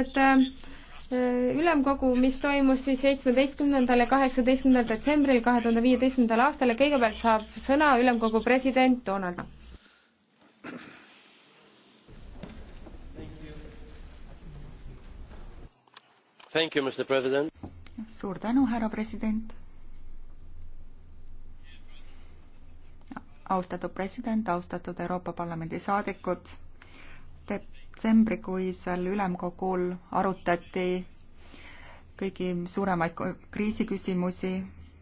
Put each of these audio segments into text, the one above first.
et äh, ülemkogu, mis toimus siis seitsmeteistkümnendal ja kaheksateistkümnendal detsembril kahe tuhande viieteistkümnendal aastal ja kõigepealt saab sõna ülemkogu president Donald Trump. You, suur tänu, härra president. austatud president, austatud Euroopa Parlamendi saadikud. Te detsembrikuisel ülemkogul arutati kõigi suuremaid kriisiküsimusi,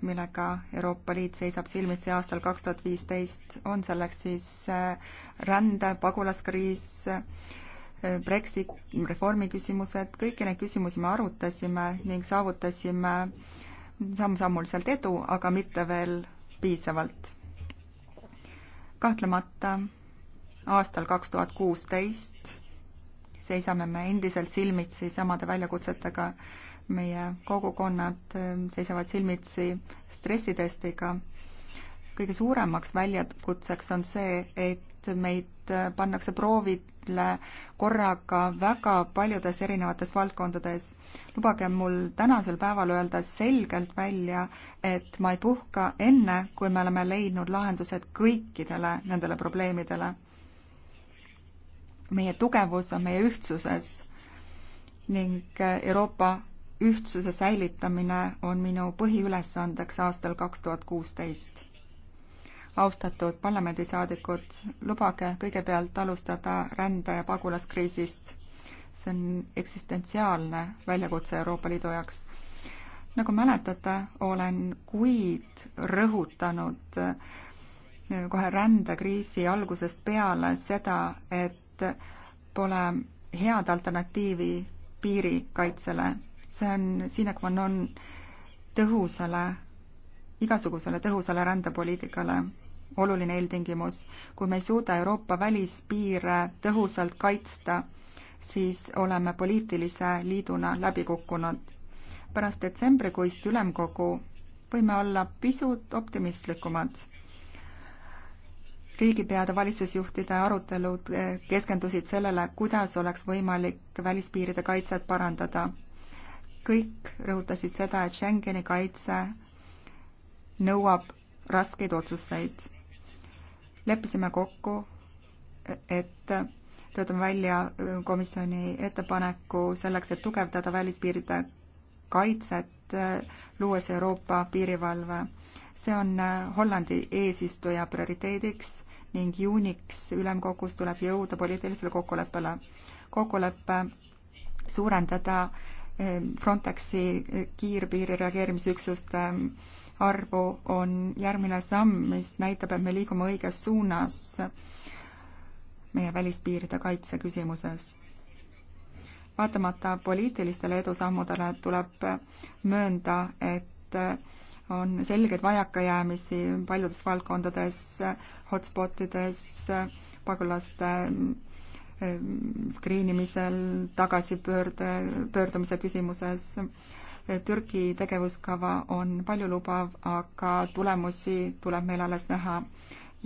millega Euroopa Liit seisab silmitsi aastal kaks tuhat viisteist, on selleks siis äh, rände, pagulaskriis, äh, Brexit, reformi küsimused, kõiki neid küsimusi me arutasime ning saavutasime samm-sammuliselt edu, aga mitte veel piisavalt. kahtlemata aastal kaks tuhat kuusteist seisame me endiselt silmitsi samade väljakutsetega. meie kogukonnad ähm, seisavad silmitsi stressitestiga. kõige suuremaks väljakutseks on see, et meid äh, pannakse proovile korraga väga paljudes erinevates valdkondades. lubage mul tänasel päeval öelda selgelt välja, et ma ei puhka enne, kui me oleme leidnud lahendused kõikidele nendele probleemidele meie tugevus on meie ühtsuses ning Euroopa ühtsuse säilitamine on minu põhiülesandeks aastal kaks tuhat kuusteist. austatud parlamendisaadikud, lubage kõigepealt alustada rände- ja pagulaskriisist. see on eksistentsiaalne väljakutse Euroopa Liidu jaoks. nagu mäletate, olen kuid rõhutanud kohe rändekriisi algusest peale seda, et et pole head alternatiivi piirikaitsele. see on sine qua non tõhusale, igasugusele tõhusale rändepoliitikale oluline eeltingimus. kui me ei suuda Euroopa välispiire tõhusalt kaitsta, siis oleme poliitilise liiduna läbi kukkunud. pärast detsembrikuist ülemkogu võime olla pisut optimistlikumad riigipeade valitsusjuhtide arutelud eh, keskendusid sellele, kuidas oleks võimalik välispiiride kaitset parandada. kõik rõhutasid seda, et Schengeni kaitse nõuab raskeid otsuseid. leppisime kokku, et töötame välja eh, komisjoni ettepaneku selleks, et tugevdada välispiiride kaitset, eh, luues Euroopa piirivalve. see on Hollandi eesistuja prioriteediks ning juuniks ülemkogus tuleb jõuda poliitilisele kokkuleppele. kokkulepe suurendada eh, Frontexi eh, kiirpiiri reageerimisüksuste eh, arvu on järgmine samm, mis näitab, et me liigume õiges suunas meie välispiiride kaitse küsimuses vaatamata poliitilistele edusammudele tuleb möönda, et on selgeid vajakajäämisi paljudes valdkondades, hotspotides, pagulaste ähm, skriinimisel, tagasipöörde, pöördumise küsimuses. Türgi tegevuskava on paljulubav, aga tulemusi tuleb meil alles näha.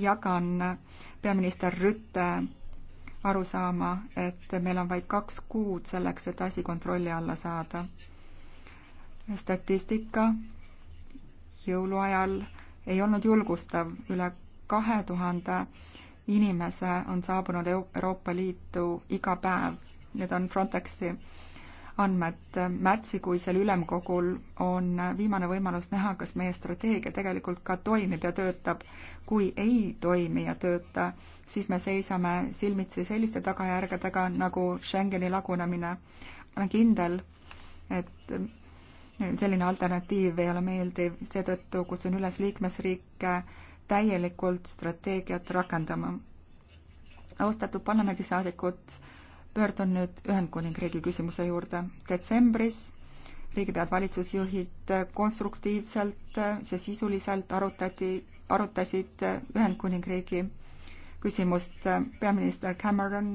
jagan peaminister Rütte aru saama, et meil on vaid kaks kuud selleks, et asi kontrolli alla saada. statistika jõuluajal ei olnud julgustav, üle kahe tuhande inimese on saabunud Euroopa Liitu iga päev, need on Frontexi andmed. märtsikuisel ülemkogul on viimane võimalus näha, kas meie strateegia tegelikult ka toimib ja töötab. kui ei toimi ja tööta, siis me seisame silmitsi selliste tagajärgedega nagu Schengeni lagunemine. ma olen kindel, et selline alternatiiv ei ole meeldiv, seetõttu kutsun üles liikmesriike täielikult strateegiat rakendama. austatud parlamendisaadikud, pöördun nüüd Ühendkuningriigi küsimuse juurde. detsembris riigipead, valitsusjuhid konstruktiivselt ja sisuliselt arutati, arutasid Ühendkuningriigi küsimust. peaminister Cameron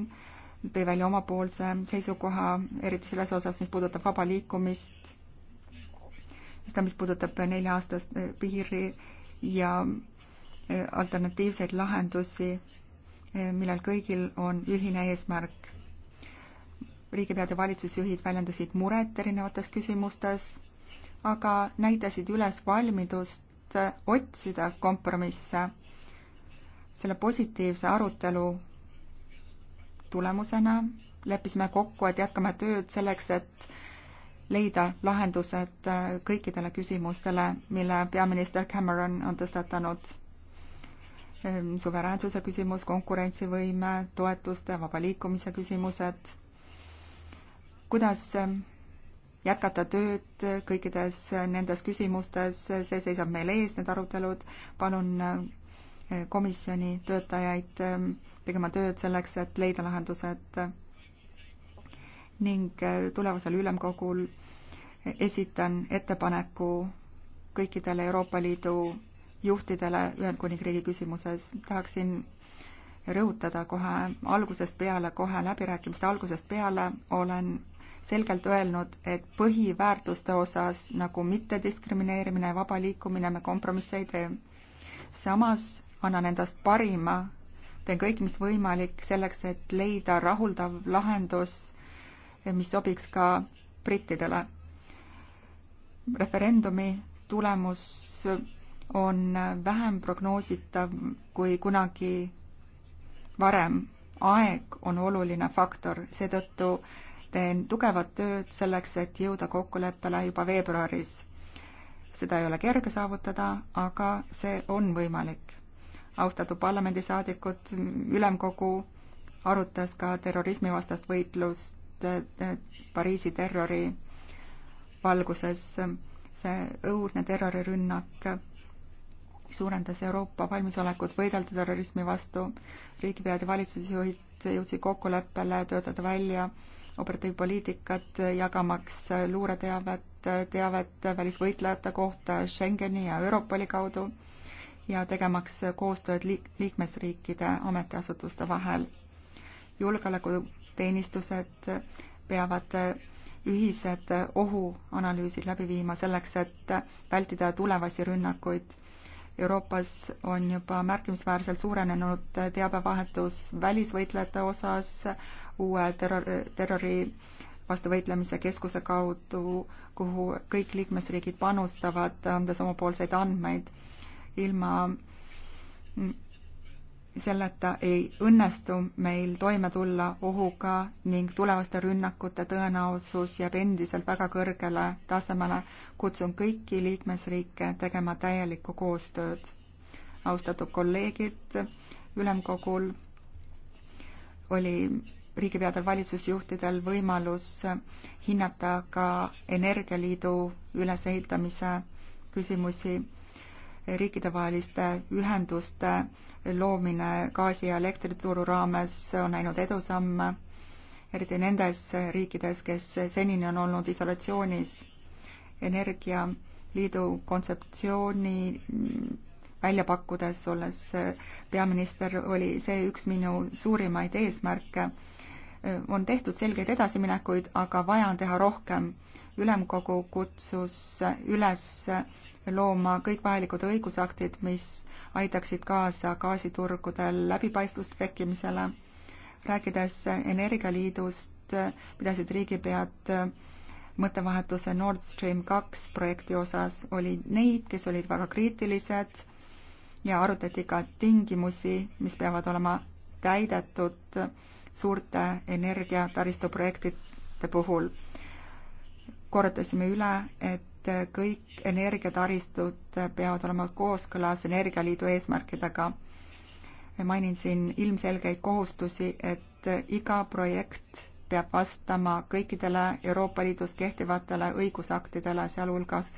tõi välja omapoolse seisukoha, eriti selles osas, mis puudutab vaba liikumist seda, mis puudutab nelja-aastast äh, piiri ja äh, alternatiivseid lahendusi, äh, millel kõigil on ühine eesmärk. riigipead ja valitsusjuhid väljendasid muret erinevates küsimustes, aga näitasid üles valmidust otsida kompromisse. selle positiivse arutelu tulemusena leppisime kokku, et jätkame tööd selleks, et leida lahendused äh, kõikidele küsimustele, mille peaminister Cameron on tõstatanud. Ähm, suveräänsuse küsimus, konkurentsivõime, toetuste, vaba liikumise küsimused. kuidas ähm, jätkata tööd kõikides nendes küsimustes, see seisab meil ees, need arutelud. palun äh, komisjoni töötajaid ähm, tegema tööd selleks, et leida lahendused ning äh, tulevasel ülemkogul esitan ettepaneku kõikidele Euroopa Liidu juhtidele Ühendkuningriigi küsimuses. tahaksin rõhutada kohe algusest peale, kohe läbirääkimiste algusest peale olen selgelt öelnud, et põhiväärtuste osas nagu mittediskrimineerimine ja vaba liikumine me kompromisse ei tee. samas annan endast parima, teen kõik, mis võimalik selleks, et leida rahuldav lahendus mis sobiks ka brittidele. referendumi tulemus on vähem prognoositav kui kunagi varem. aeg on oluline faktor, seetõttu teen tugevat tööd selleks, et jõuda kokkuleppele juba veebruaris. seda ei ole kerge saavutada, aga see on võimalik. austatud parlamendisaadikud, ülemkogu arutas ka terrorismivastast võitlust Pariisi terrori valguses. see õudne terrorirünnak suurendas Euroopa valmisolekut võidelda terrorismi vastu. riigipead ja valitsusjuhid jõudsid kokkuleppele töötada välja operatiivpoliitikat, jagamaks luureteavet, teavet välisvõitlejate kohta Schengeni ja Europoli kaudu ja tegemaks koostööd liik-, liikmesriikide ametiasutuste vahel julgeoleku teenistused peavad ühised ohuanalüüsid läbi viima selleks, et vältida tulevasi rünnakuid. Euroopas on juba märkimisväärselt suurenenud teabevahetus välisvõitlejate osas, uue terror, terrori vastu võitlemise keskuse kaudu, kuhu kõik liikmesriigid panustavad, andes omapoolseid andmeid. ilma selleta ei õnnestu meil toime tulla ohuga ning tulevaste rünnakute tõenäosus jääb endiselt väga kõrgele tasemele. kutsun kõiki liikmesriike tegema täielikku koostööd. austatud kolleegid, ülemkogul oli riigipeadel valitsusjuhtidel võimalus hinnata ka Energialiidu ülesehitamise küsimusi riikidevaheliste ühenduste loomine gaasi- ja elektrituru raames on näinud edusamme, eriti nendes riikides, kes senini on olnud isolatsioonis. energialiidu kontseptsiooni välja pakkudes, olles peaminister, oli see üks minu suurimaid eesmärke on tehtud selgeid edasiminekuid, aga vaja on teha rohkem. ülemkogu kutsus üles looma kõik vajalikud õigusaktid, mis aitaksid kaasa gaasiturgudel läbipaistvust tekkimisele. rääkides Energialiidust, pidasid riigipead mõttevahetuse Nord Stream kaks projekti osas, oli neid, kes olid väga kriitilised ja arutati ka tingimusi, mis peavad olema täidetud suurte energiataristuprojektide puhul. korrutasime üle, et kõik energiataristud peavad olema kooskõlas Energialiidu eesmärkidega. mainin siin ilmselgeid kohustusi, et iga projekt peab vastama kõikidele Euroopa Liidus kehtivatele õigusaktidele, sealhulgas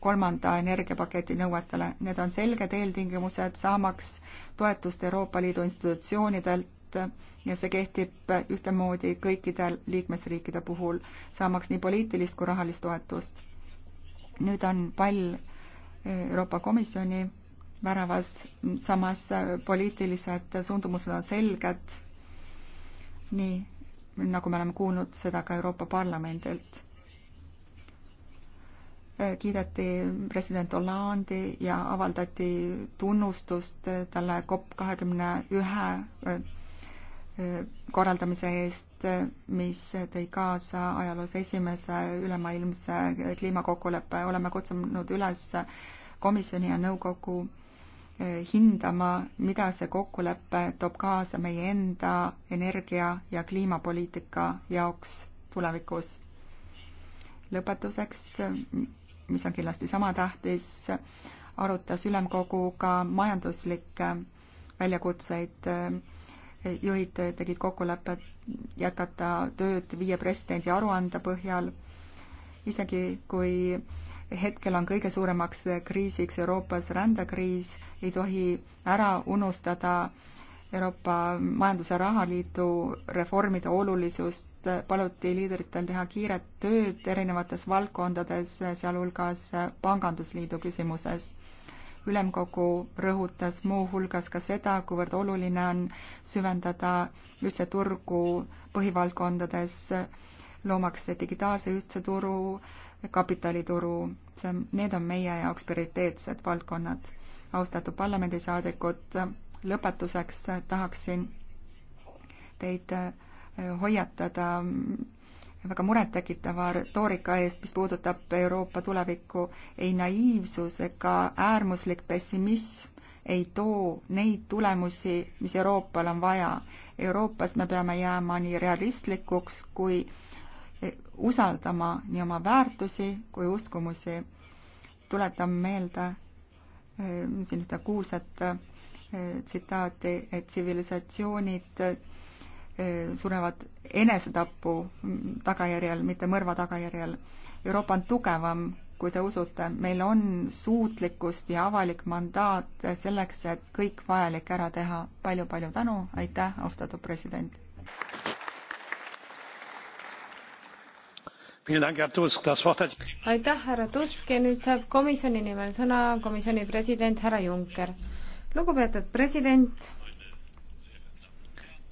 kolmanda energiapaketi nõuetele. Need on selged eeltingimused saamaks toetust Euroopa Liidu institutsioonidelt ühtset ja see kehtib ühtemoodi kõikide liikmesriikide puhul, saamaks nii poliitilist kui rahalist toetust. nüüd on pall Euroopa Komisjoni väravas, samas poliitilised suundumused on selged, nii nagu me oleme kuulnud seda ka Euroopa Parlamendilt kiideti president Hollandi ja avaldati tunnustust talle COP kahekümne ühe korraldamise eest, mis tõi kaasa ajaloos esimese ülemaailmse kliimakokkuleppe. oleme kutsunud üles komisjoni ja nõukogu eh, hindama, mida see kokkulepe toob kaasa meie enda energia- ja kliimapoliitika jaoks tulevikus. lõpetuseks, mis on kindlasti sama tähtis, arutas ülemkogu ka majanduslikke väljakutseid äh, juhid tegid kokkuleppe jätkata tööd viie presidendi aruande põhjal, isegi kui hetkel on kõige suuremaks kriisiks Euroopas rändekriis, ei tohi ära unustada Euroopa Majandus- ja Rahaliidu reformide olulisust, paluti liidritel teha kiiret tööd erinevates valdkondades, sealhulgas Pangandusliidu küsimuses ülemkogu rõhutas muuhulgas ka seda, kuivõrd oluline on süvendada ühtse turgu põhivaldkondades, loomaks digitaalse ühtse turu, kapitalituru, see, need on meie jaoks prioriteetsed valdkonnad. austatud parlamendisaadikud, lõpetuseks tahaksin teid eh, hoiatada väga murettekitava retoorika eest, mis puudutab Euroopa tulevikku. ei naiivsus ega äärmuslik pessimism ei too neid tulemusi, mis Euroopal on vaja. Euroopas me peame jääma nii realistlikuks kui usaldama nii oma väärtusi kui uskumusi. tuletan meelde eh, siin ühte kuulsat eh, tsitaati, et tsivilisatsioonid Eh, surevad enesetapu tagajärjel, mitte mõrva tagajärjel. Euroopa on tugevam, kui te usute, meil on suutlikkust ja avalik mandaat selleks, et kõik vajalik ära teha palju,. palju-palju tänu, aitäh, austatud president! aitäh, härra Tusk ja nüüd saab komisjoni nimel sõna komisjoni president härra Juncker. lugupeetud president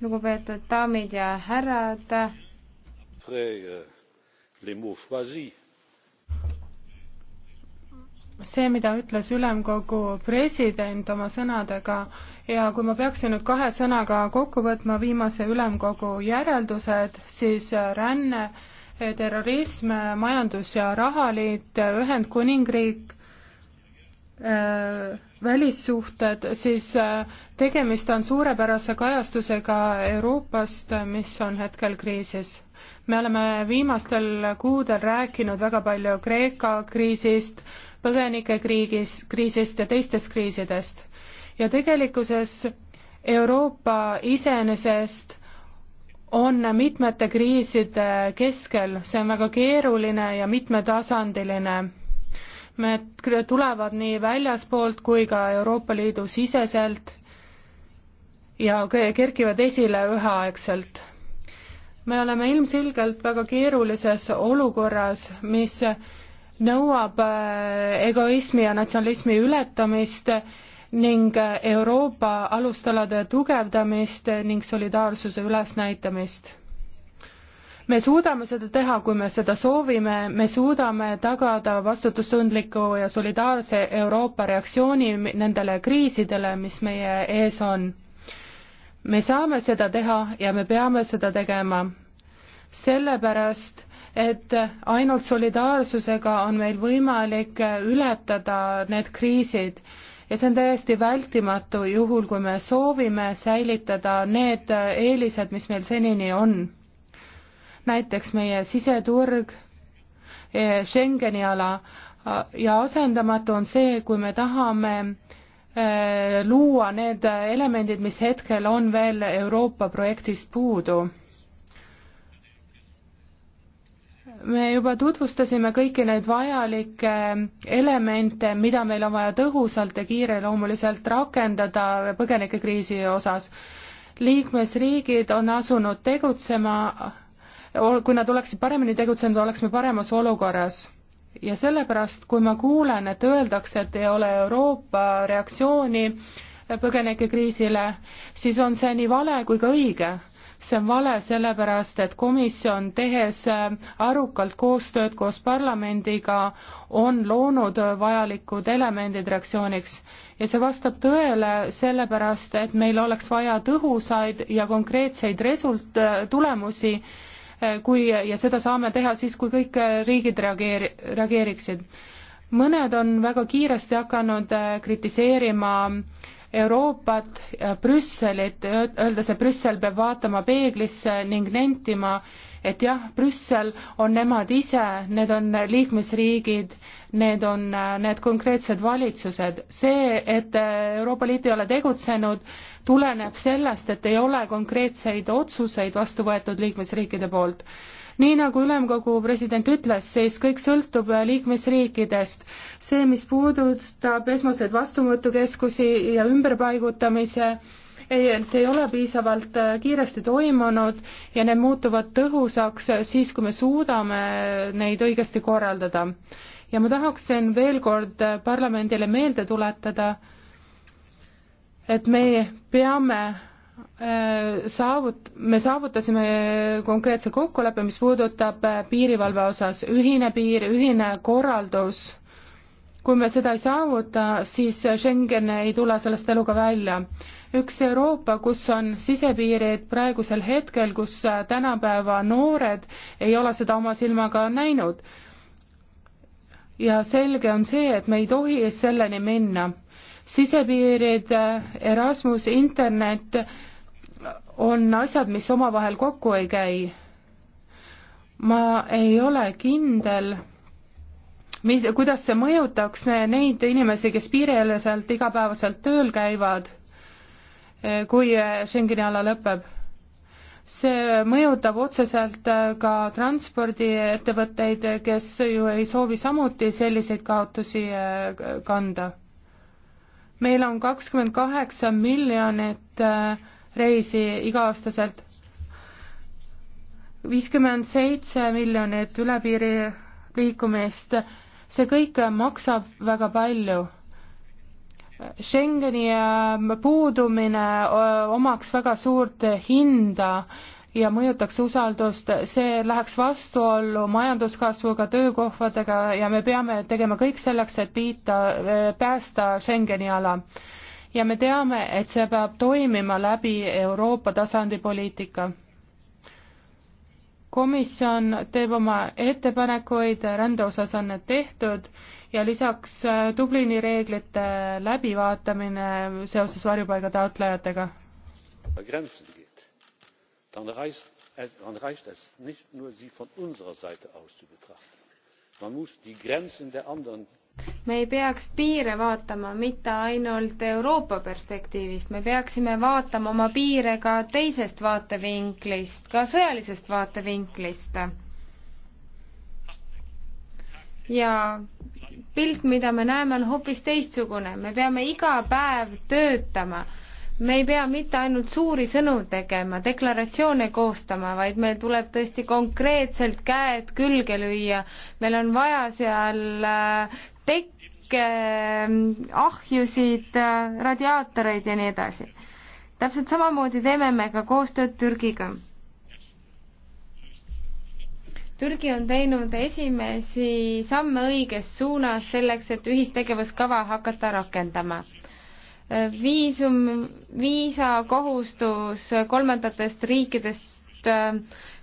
lugupeetud daamid ja härrad. see, mida ütles ülemkogu president oma sõnadega ja kui ma peaksin nüüd kahe sõnaga kokku võtma viimase ülemkogu järeldused, siis ränne, terrorism, majandus- ja rahaliit, Ühendkuningriik Äh, välissuhted, siis äh, tegemist on suurepärase kajastusega Euroopast, äh, mis on hetkel kriisis. me oleme viimastel kuudel rääkinud väga palju Kreeka kriisist, põgenike kriigis, kriisist ja teistest kriisidest. ja tegelikkuses Euroopa iseenesest on mitmete kriiside keskel, see on väga keeruline ja mitmetasandiline me tulevad nii väljaspoolt kui ka Euroopa Liidu siseselt ja kerkivad esile üheaegselt. me oleme ilmselgelt väga keerulises olukorras, mis nõuab äh, egoismi ja natsionalismi ületamist ning Euroopa alustalade tugevdamist ning solidaarsuse ülesnäitamist me suudame seda teha, kui me seda soovime, me suudame tagada vastutustundliku ja solidaarse Euroopa reaktsiooni nendele kriisidele, mis meie ees on. me saame seda teha ja me peame seda tegema. sellepärast, et ainult solidaarsusega on meil võimalik ületada need kriisid ja see on täiesti vältimatu, juhul kui me soovime säilitada need eelised, mis meil senini on näiteks meie siseturg, eh, Schengeni ala eh, ja asendamatu on see, kui me tahame eh, luua need elemendid, mis hetkel on veel Euroopa projektist puudu. me juba tutvustasime kõiki neid vajalikke elemente, mida meil on vaja tõhusalt ja kiireloomuliselt rakendada põgenikekriisi osas. liikmesriigid on asunud tegutsema kui nad oleksid paremini tegutsenud, oleksime paremas olukorras. ja sellepärast, kui ma kuulen, et öeldakse, et ei ole Euroopa reaktsiooni põgenikekriisile, siis on see nii vale kui ka õige. see on vale sellepärast, et komisjon, tehes äh, arukalt koostööd koos parlamendiga, on loonud vajalikud elemendid reaktsiooniks ja see vastab tõele sellepärast, et meil oleks vaja tõhusaid ja konkreetseid result-, tulemusi Äh, kui, ja seda saame teha siis, kui kõik äh, riigid reageeri-, reageeriksid. mõned on väga kiiresti hakanud äh, kritiseerima Euroopat, Brüsselit, öeldes, et Brüssel peab vaatama peeglisse ning nentima, et jah, Brüssel on nemad ise, need on liikmesriigid, need on need konkreetsed valitsused. see, et Euroopa Liit ei ole tegutsenud, tuleneb sellest, et ei ole konkreetseid otsuseid vastu võetud liikmesriikide poolt nii nagu ülemkogu president ütles, siis kõik sõltub liikmesriikidest. see, mis puudutab esmaseid vastuvõtukeskusi ja ümberpaigutamise, ei, see ei ole piisavalt kiiresti toimunud ja need muutuvad tõhusaks siis, kui me suudame neid õigesti korraldada. ja ma tahaksin veel kord parlamendile meelde tuletada, et me peame äh, saavut-, me saavutasime konkreetse kokkuleppe, mis puudutab äh, piirivalve osas ühine piir, ühine korraldus. kui me seda ei saavuta, siis äh, Schengen ei tule sellest eluga välja. üks Euroopa, kus on sisepiirid praegusel hetkel, kus tänapäeva noored ei ole seda oma silmaga näinud. ja selge on see, et me ei tohi selleni minna sisepiirid, Erasmus, internet on asjad, mis omavahel kokku ei käi. ma ei ole kindel, mis, kuidas see mõjutaks neid inimesi, kes piiriüleselt igapäevaselt tööl käivad, kui Schengeni ala lõpeb. see mõjutab otseselt ka transpordiettevõtteid, kes ju ei soovi samuti selliseid kaotusi kanda meil on kakskümmend kaheksa miljonit äh, reisi iga-aastaselt, viiskümmend seitse miljonit üle piiri liikumist, see kõik maksab väga palju. Schengeni äh, puudumine äh, omaks väga suurt hinda ja mõjutaks usaldust, see läheks vastuollu majanduskasvuga, töökohtadega ja me peame tegema kõik selleks, et piita, päästa Schengeni ala. ja me teame, et see peab toimima läbi Euroopa tasandi poliitika komisjon teeb oma ettepanekuid, rände osas on need tehtud ja lisaks äh, Dublini reeglite läbivaatamine seoses varjupaiga taotlejatega dann reicht es nicht nur sie von unserer seite aus zu betrachten. man muss die grenzen der anderen me ei peaks piire vaatama mitte ainult Euroopa perspektiivist, me peaksime vaatama oma piire ka teisest vaatevinklist, ka sõjalisest vaatevinklist. ja pilt, mida me näeme, on hoopis teistsugune, me peame iga päev töötama me ei pea mitte ainult suuri sõnu tegema, deklaratsioone koostama, vaid meil tuleb tõesti konkreetselt käed külge lüüa. meil on vaja seal äh, tekke, äh, ahjusid, äh, radiaatoreid ja nii edasi. täpselt samamoodi teeme me ka koostööd Türgiga. Türgi on teinud esimesi samme õiges suunas selleks, et ühistegevuskava hakata rakendama viisum, viisakohustus kolmandatest riikidest äh,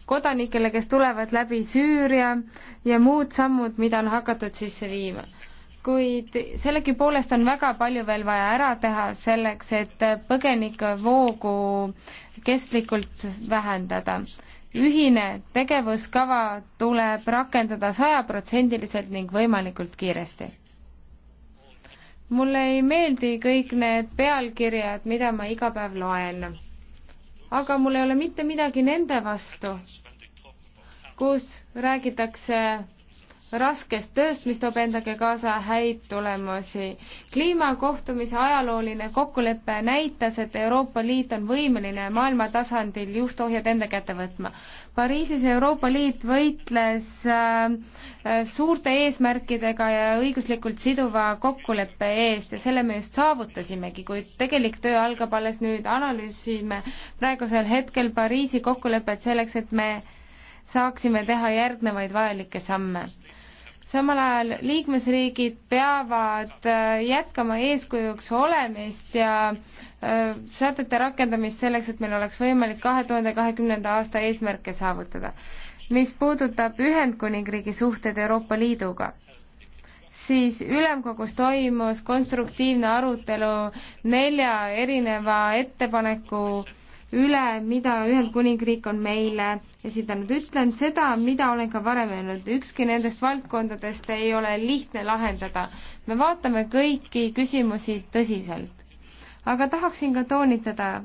kodanikele, kes tulevad läbi Süüria ja muud sammud, mida on hakatud sisse viima. kuid sellegipoolest on väga palju veel vaja ära teha selleks, et põgenikevoogu kestlikult vähendada. ühine tegevuskava tuleb rakendada sajaprotsendiliselt ning võimalikult kiiresti mulle ei meeldi kõik need pealkirjad, mida ma iga päev loen. aga mul ei ole mitte midagi nende vastu, kus räägitakse raskest tööst, mis toob endaga kaasa häid tulemusi. kliimakohtumise ajalooline kokkulepe näitas, et Euroopa Liit on võimeline maailma tasandil juhtohjad enda kätte võtma. Pariisis Euroopa Liit võitles äh, äh, suurte eesmärkidega ja õiguslikult siduva kokkuleppe eest ja selle me just saavutasimegi, kuid tegelik töö algab alles nüüd, analüüsime praegusel hetkel Pariisi kokkulepet selleks, et me saaksime teha järgnevaid vajalikke samme samal ajal liikmesriigid peavad äh, jätkama eeskujuks olemist ja äh, sätete rakendamist selleks, et meil oleks võimalik kahe tuhande kahekümnenda aasta eesmärke saavutada. mis puudutab Ühendkuningriigi suhted Euroopa Liiduga, siis ülemkogus toimus konstruktiivne arutelu nelja erineva ettepaneku üle, mida Ühendkuningriik on meile esitanud. ütlen seda, mida olen ka varem öelnud, ükski nendest valdkondadest ei ole lihtne lahendada. me vaatame kõiki küsimusi tõsiselt. aga tahaksin ka toonitada,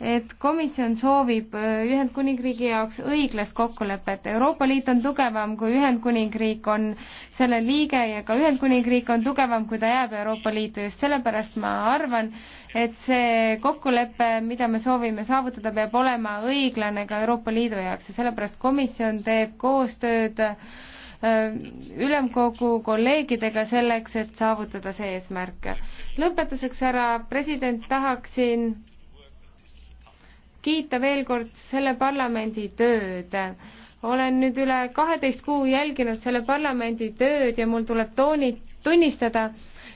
et komisjon soovib äh, Ühendkuningriigi jaoks õiglast kokkulepet. Euroopa Liit on tugevam, kui Ühendkuningriik on selle liige ja ka Ühendkuningriik on tugevam, kui ta jääb Euroopa Liitu. just sellepärast ma arvan, et see kokkulepe, mida me soovime saavutada, peab olema õiglane ka Euroopa Liidu jaoks ja sellepärast komisjon teeb koostööd äh, ülemkogu kolleegidega selleks, et saavutada see eesmärk. lõpetuseks, härra president, tahaksin kiita veel kord selle parlamendi tööd. olen nüüd üle kaheteist kuu jälginud selle parlamendi tööd ja mul tuleb tooni, tunnistada,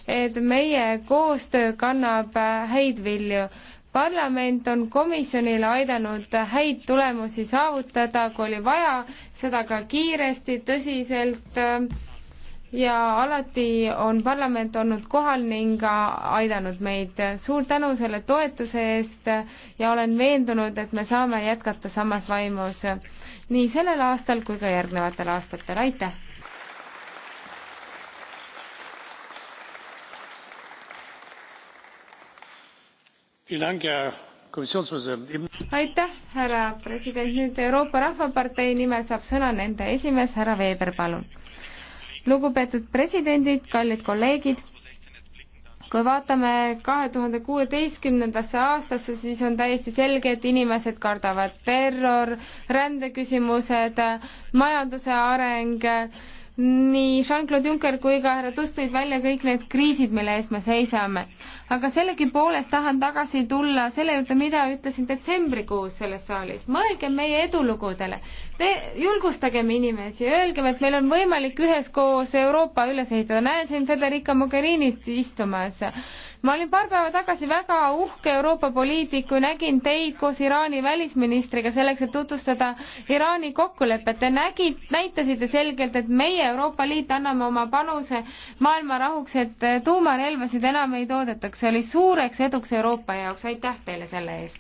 et meie koostöö kannab häid vilju. parlament on komisjonile aidanud häid tulemusi saavutada, kui oli vaja, seda ka kiiresti, tõsiselt äh, ja alati on parlament olnud kohal ning aidanud meid. suur tänu selle toetuse eest ja olen veendunud, et me saame jätkata samas vaimus nii sellel aastal kui ka järgnevatel aastatel, aitäh! aitäh, härra president, nüüd Euroopa Rahvapartei nimel saab sõna nende esimees, härra Veeber, palun. lugupeetud presidendid, kallid kolleegid, kui vaatame kahe tuhande kuueteistkümnendasse aastasse, siis on täiesti selge, et inimesed kardavad terror, rändeküsimused, majanduse areng, nii Jean-Claude Juncker kui ka härra Tusk tõid välja kõik need kriisid, mille ees me seisame aga sellegipoolest tahan tagasi tulla selle juurde, mida ütlesin detsembrikuus selles saalis. mõelgem meie edulugudele. Te, julgustagem inimesi, öelgem, et meil on võimalik üheskoos Euroopa üles ehitada. näen siin Federica Mogherinit istumas. ma olin paar päeva tagasi väga uhke Euroopa poliitik, kui nägin teid koos Iraani välisministriga selleks, et tutvustada Iraani kokkulepet. Te nägid, näitasite selgelt, et meie Euroopa Liit anname oma panuse maailma rahuks, et tuumarelvasid enam ei toodeta eesmärk, see oli suureks eduks Euroopa jaoks, aitäh teile selle eest!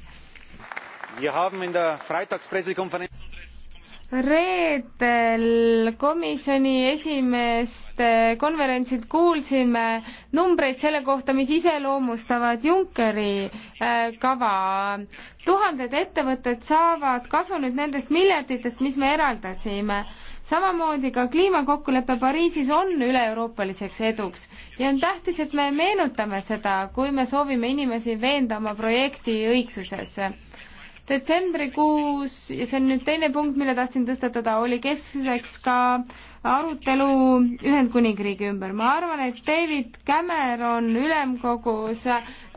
reedel komisjoni esimeest äh, konverentsilt kuulsime numbreid selle kohta, mis iseloomustavad Junckeri äh, kava. tuhanded ettevõtted saavad kasu nüüd nendest miljarditest, mis me eraldasime samamoodi ka kliimakokkulepe Pariisis on üle-euroopaliseks eduks ja on tähtis, et me meenutame seda, kui me soovime inimesi veenda oma projekti õigsuses. detsembrikuus, ja see on nüüd teine punkt, mille tahtsin tõstatada, oli keskseks ka arutelu Ühendkuningriigi ümber. ma arvan, et David Cameron ülemkogus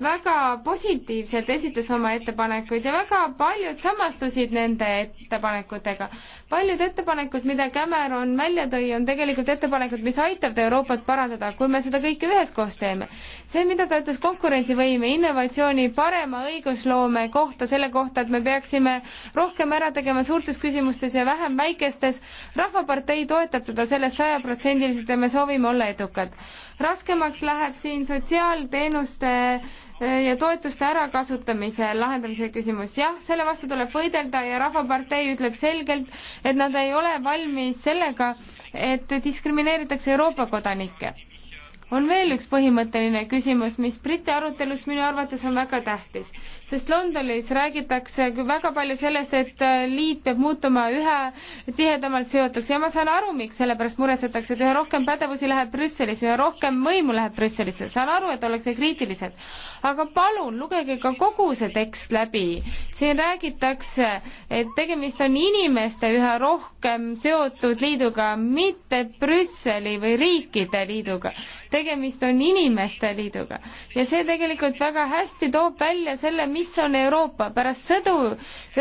väga positiivselt esitas oma ettepanekuid ja väga paljud samastusid nende ettepanekutega paljud ettepanekud, mida Cameron välja tõi, on tegelikult ettepanekud, mis aitavad Euroopat parandada, kui me seda kõike üheskoos teeme. see, mida ta ütles konkurentsivõime, innovatsiooni, parema õigusloome kohta, selle kohta, et me peaksime rohkem ära tegema suurtes küsimustes ja vähem väikestes, Rahvapartei toetab teda selles sajaprotsendiliselt ja me soovime olla edukad raskemaks läheb siin sotsiaalteenuste eh, ja toetuste ärakasutamise lahendamise küsimus. jah, selle vastu tuleb võidelda ja Rahvapartei ütleb selgelt, et nad ei ole valmis sellega, et diskrimineeritakse Euroopa kodanikke. on veel üks põhimõtteline küsimus, mis Briti arutelus minu arvates on väga tähtis sest Londonis räägitakse väga palju sellest, et äh, liit peab muutuma üha tihedamalt seotuks ja ma saan aru, miks selle pärast muretsetakse, et üha rohkem pädevusi läheb Brüsselisse, üha rohkem võimu läheb Brüsselisse, saan aru, et ollakse kriitilised. aga palun lugege ka kogu see tekst läbi, siin räägitakse, et tegemist on inimeste üha rohkem seotud liiduga, mitte Brüsseli või riikide liiduga. tegemist on inimeste liiduga ja see tegelikult väga hästi toob välja selle, mis on Euroopa. pärast sõdu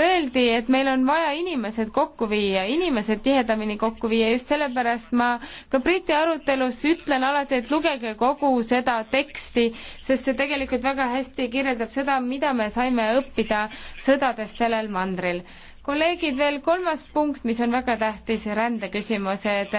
öeldi, et meil on vaja inimesed kokku viia, inimesed tihedamini kokku viia, just sellepärast ma ka Briti arutelus ütlen alati, et lugege kogu seda teksti, sest see tegelikult väga hästi kirjeldab seda, mida me saime õppida sõdadest sellel mandril kolleegid, veel kolmas punkt, mis on väga tähtis, rändeküsimused.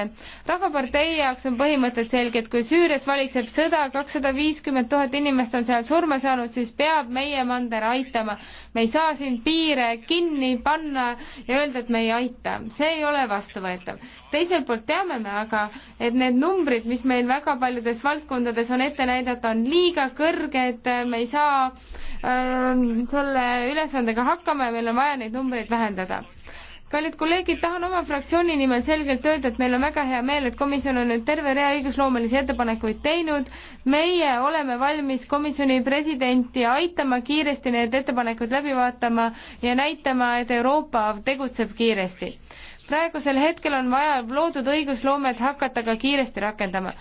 rahvapartei jaoks on põhimõtted selged, kui Süürias valitseb sõda, kakssada viiskümmend tuhat inimest on seal surma saanud, siis peab meie mander aitama. me ei saa siin piire kinni panna ja öelda, et me ei aita, see ei ole vastuvõetav. teiselt poolt teame me aga, et need numbrid, mis meil väga paljudes valdkondades on ette näidata, on liiga kõrged, me ei saa Ähm, selle ülesandega hakkama ja meil on vaja neid numbreid vähendada kallid kolleegid, tahan oma fraktsiooni nimel selgelt öelda, et meil on väga hea meel, et komisjon on nüüd terve rea õigusloomelisi ettepanekuid teinud. meie oleme valmis komisjoni presidenti aitama kiiresti need ettepanekud läbi vaatama ja näitama, et Euroopa tegutseb kiiresti. praegusel hetkel on vaja loodud õigusloomet hakata ka kiiresti rakendama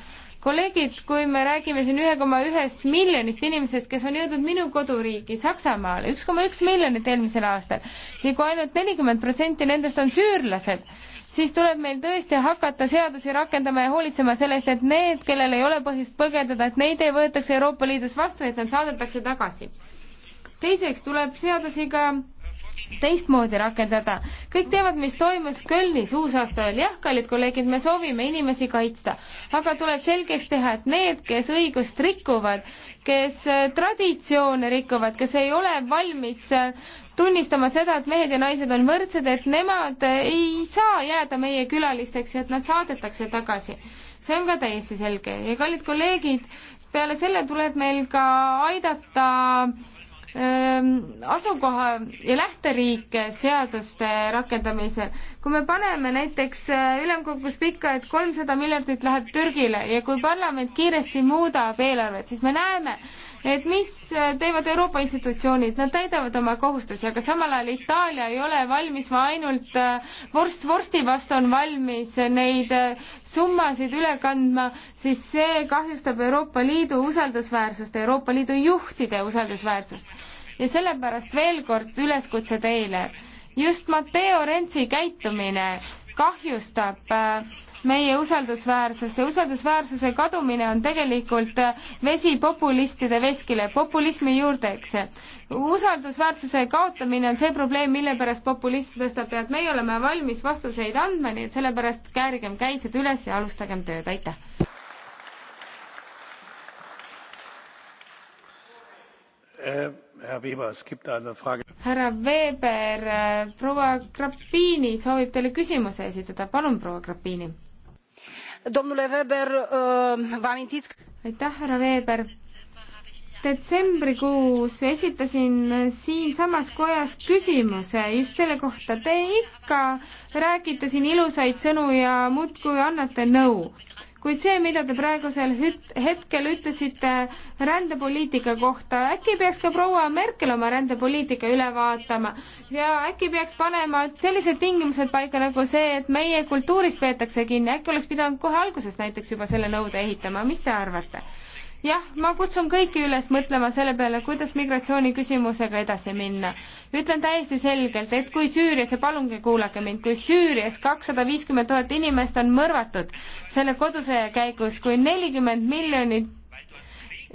kolleegid, kui me räägime siin ühe koma ühest miljonist inimesest, kes on jõudnud minu koduriiki Saksamaale, üks koma üks miljonit eelmisel aastal ja kui ainult nelikümmend protsenti nendest on süürlased, siis tuleb meil tõesti hakata seadusi rakendama ja hoolitsema selle eest, et need, kellel ei ole põhjust põgeneda, et neid ei võetakse Euroopa Liidus vastu, et nad saadetakse tagasi. teiseks tuleb seadusi ka teistmoodi rakendada. kõik teavad, mis toimus Kölnis uusaastal. jah, kallid kolleegid, me soovime inimesi kaitsta, aga tuleb selgeks teha, et need, kes õigust rikuvad, kes äh, traditsioone rikuvad, kes ei ole valmis äh, tunnistama seda, et mehed ja naised on võrdsed, et nemad äh, ei saa jääda meie külalisteks ja et nad saadetakse tagasi. see on ka täiesti selge ja kallid kolleegid, peale selle tuleb meil ka aidata äh, asukoha ja lähteriike seaduste rakendamisel. kui me paneme näiteks ülemkogus pikka, et kolmsada miljardit läheb Türgile ja kui parlament kiiresti muudab eelarvet, siis me näeme, et mis teevad Euroopa institutsioonid, nad täidavad oma kohustusi, aga samal ajal Itaalia ei ole valmis, ainult vorst vorsti vastu on valmis neid summasid üle kandma, siis see kahjustab Euroopa Liidu usaldusväärsust, Euroopa Liidu juhtide usaldusväärsust ja sellepärast veel kord üleskutse teile, just Matteo Renzi käitumine kahjustab äh, meie usaldusväärsust ja usaldusväärsuse kadumine on tegelikult äh, vesi populistide veskile, populismi juurde, eks. usaldusväärsuse kaotamine on see probleem, mille pärast populism tõstab pead, meie oleme valmis vastuseid andma, nii et sellepärast käärigem käised üles ja alustagem tööd, aitäh! Uh härra Weber, äh, proua Grappini soovib teile küsimuse esitada, palun, proua Grappini. Äh, aitäh, härra Weber detsembrikuus esitasin siinsamas kojas küsimuse just selle kohta. Te ikka räägite siin ilusaid sõnu ja muudkui annate nõu kuid see, mida te praegusel hetkel ütlesite rändepoliitika kohta, äkki peaks ka proua Merkel oma rändepoliitika üle vaatama ja äkki peaks panema sellised tingimused paika nagu see, et meie kultuurist peetakse kinni, äkki oleks pidanud kohe alguses näiteks juba selle nõude ehitama, mis te arvate? jah, ma kutsun kõiki üles mõtlema selle peale, kuidas migratsiooniküsimusega edasi minna. ütlen täiesti selgelt, et kui Süürias, ja palungi kuulake mind, kui Süürias kakssada viiskümmend tuhat inimest on mõrvatud selle kodusõja käigus, kui nelikümmend miljonit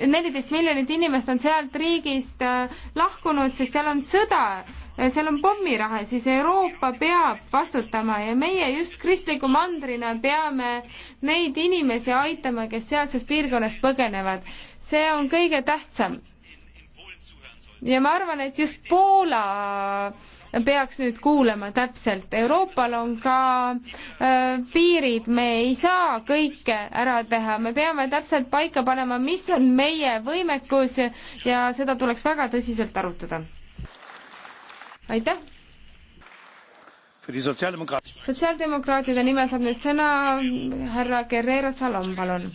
neliteist miljonit inimest on sealt riigist äh, lahkunud, sest seal on sõda seal on pommirahe, siis Euroopa peab vastutama ja meie just kristliku mandrina peame neid inimesi aitama, kes sealsest piirkonnast põgenevad. see on kõige tähtsam. ja ma arvan, et just Poola peaks nüüd kuulama täpselt. Euroopal on ka öö, äh, piirid, me ei saa kõike ära teha, me peame täpselt paika panema, mis on meie võimekus ja seda tuleks väga tõsiselt arutada aitäh! sotsiaaldemokraatide nimel saab nüüd sõna härra Guerrero Salom, palun.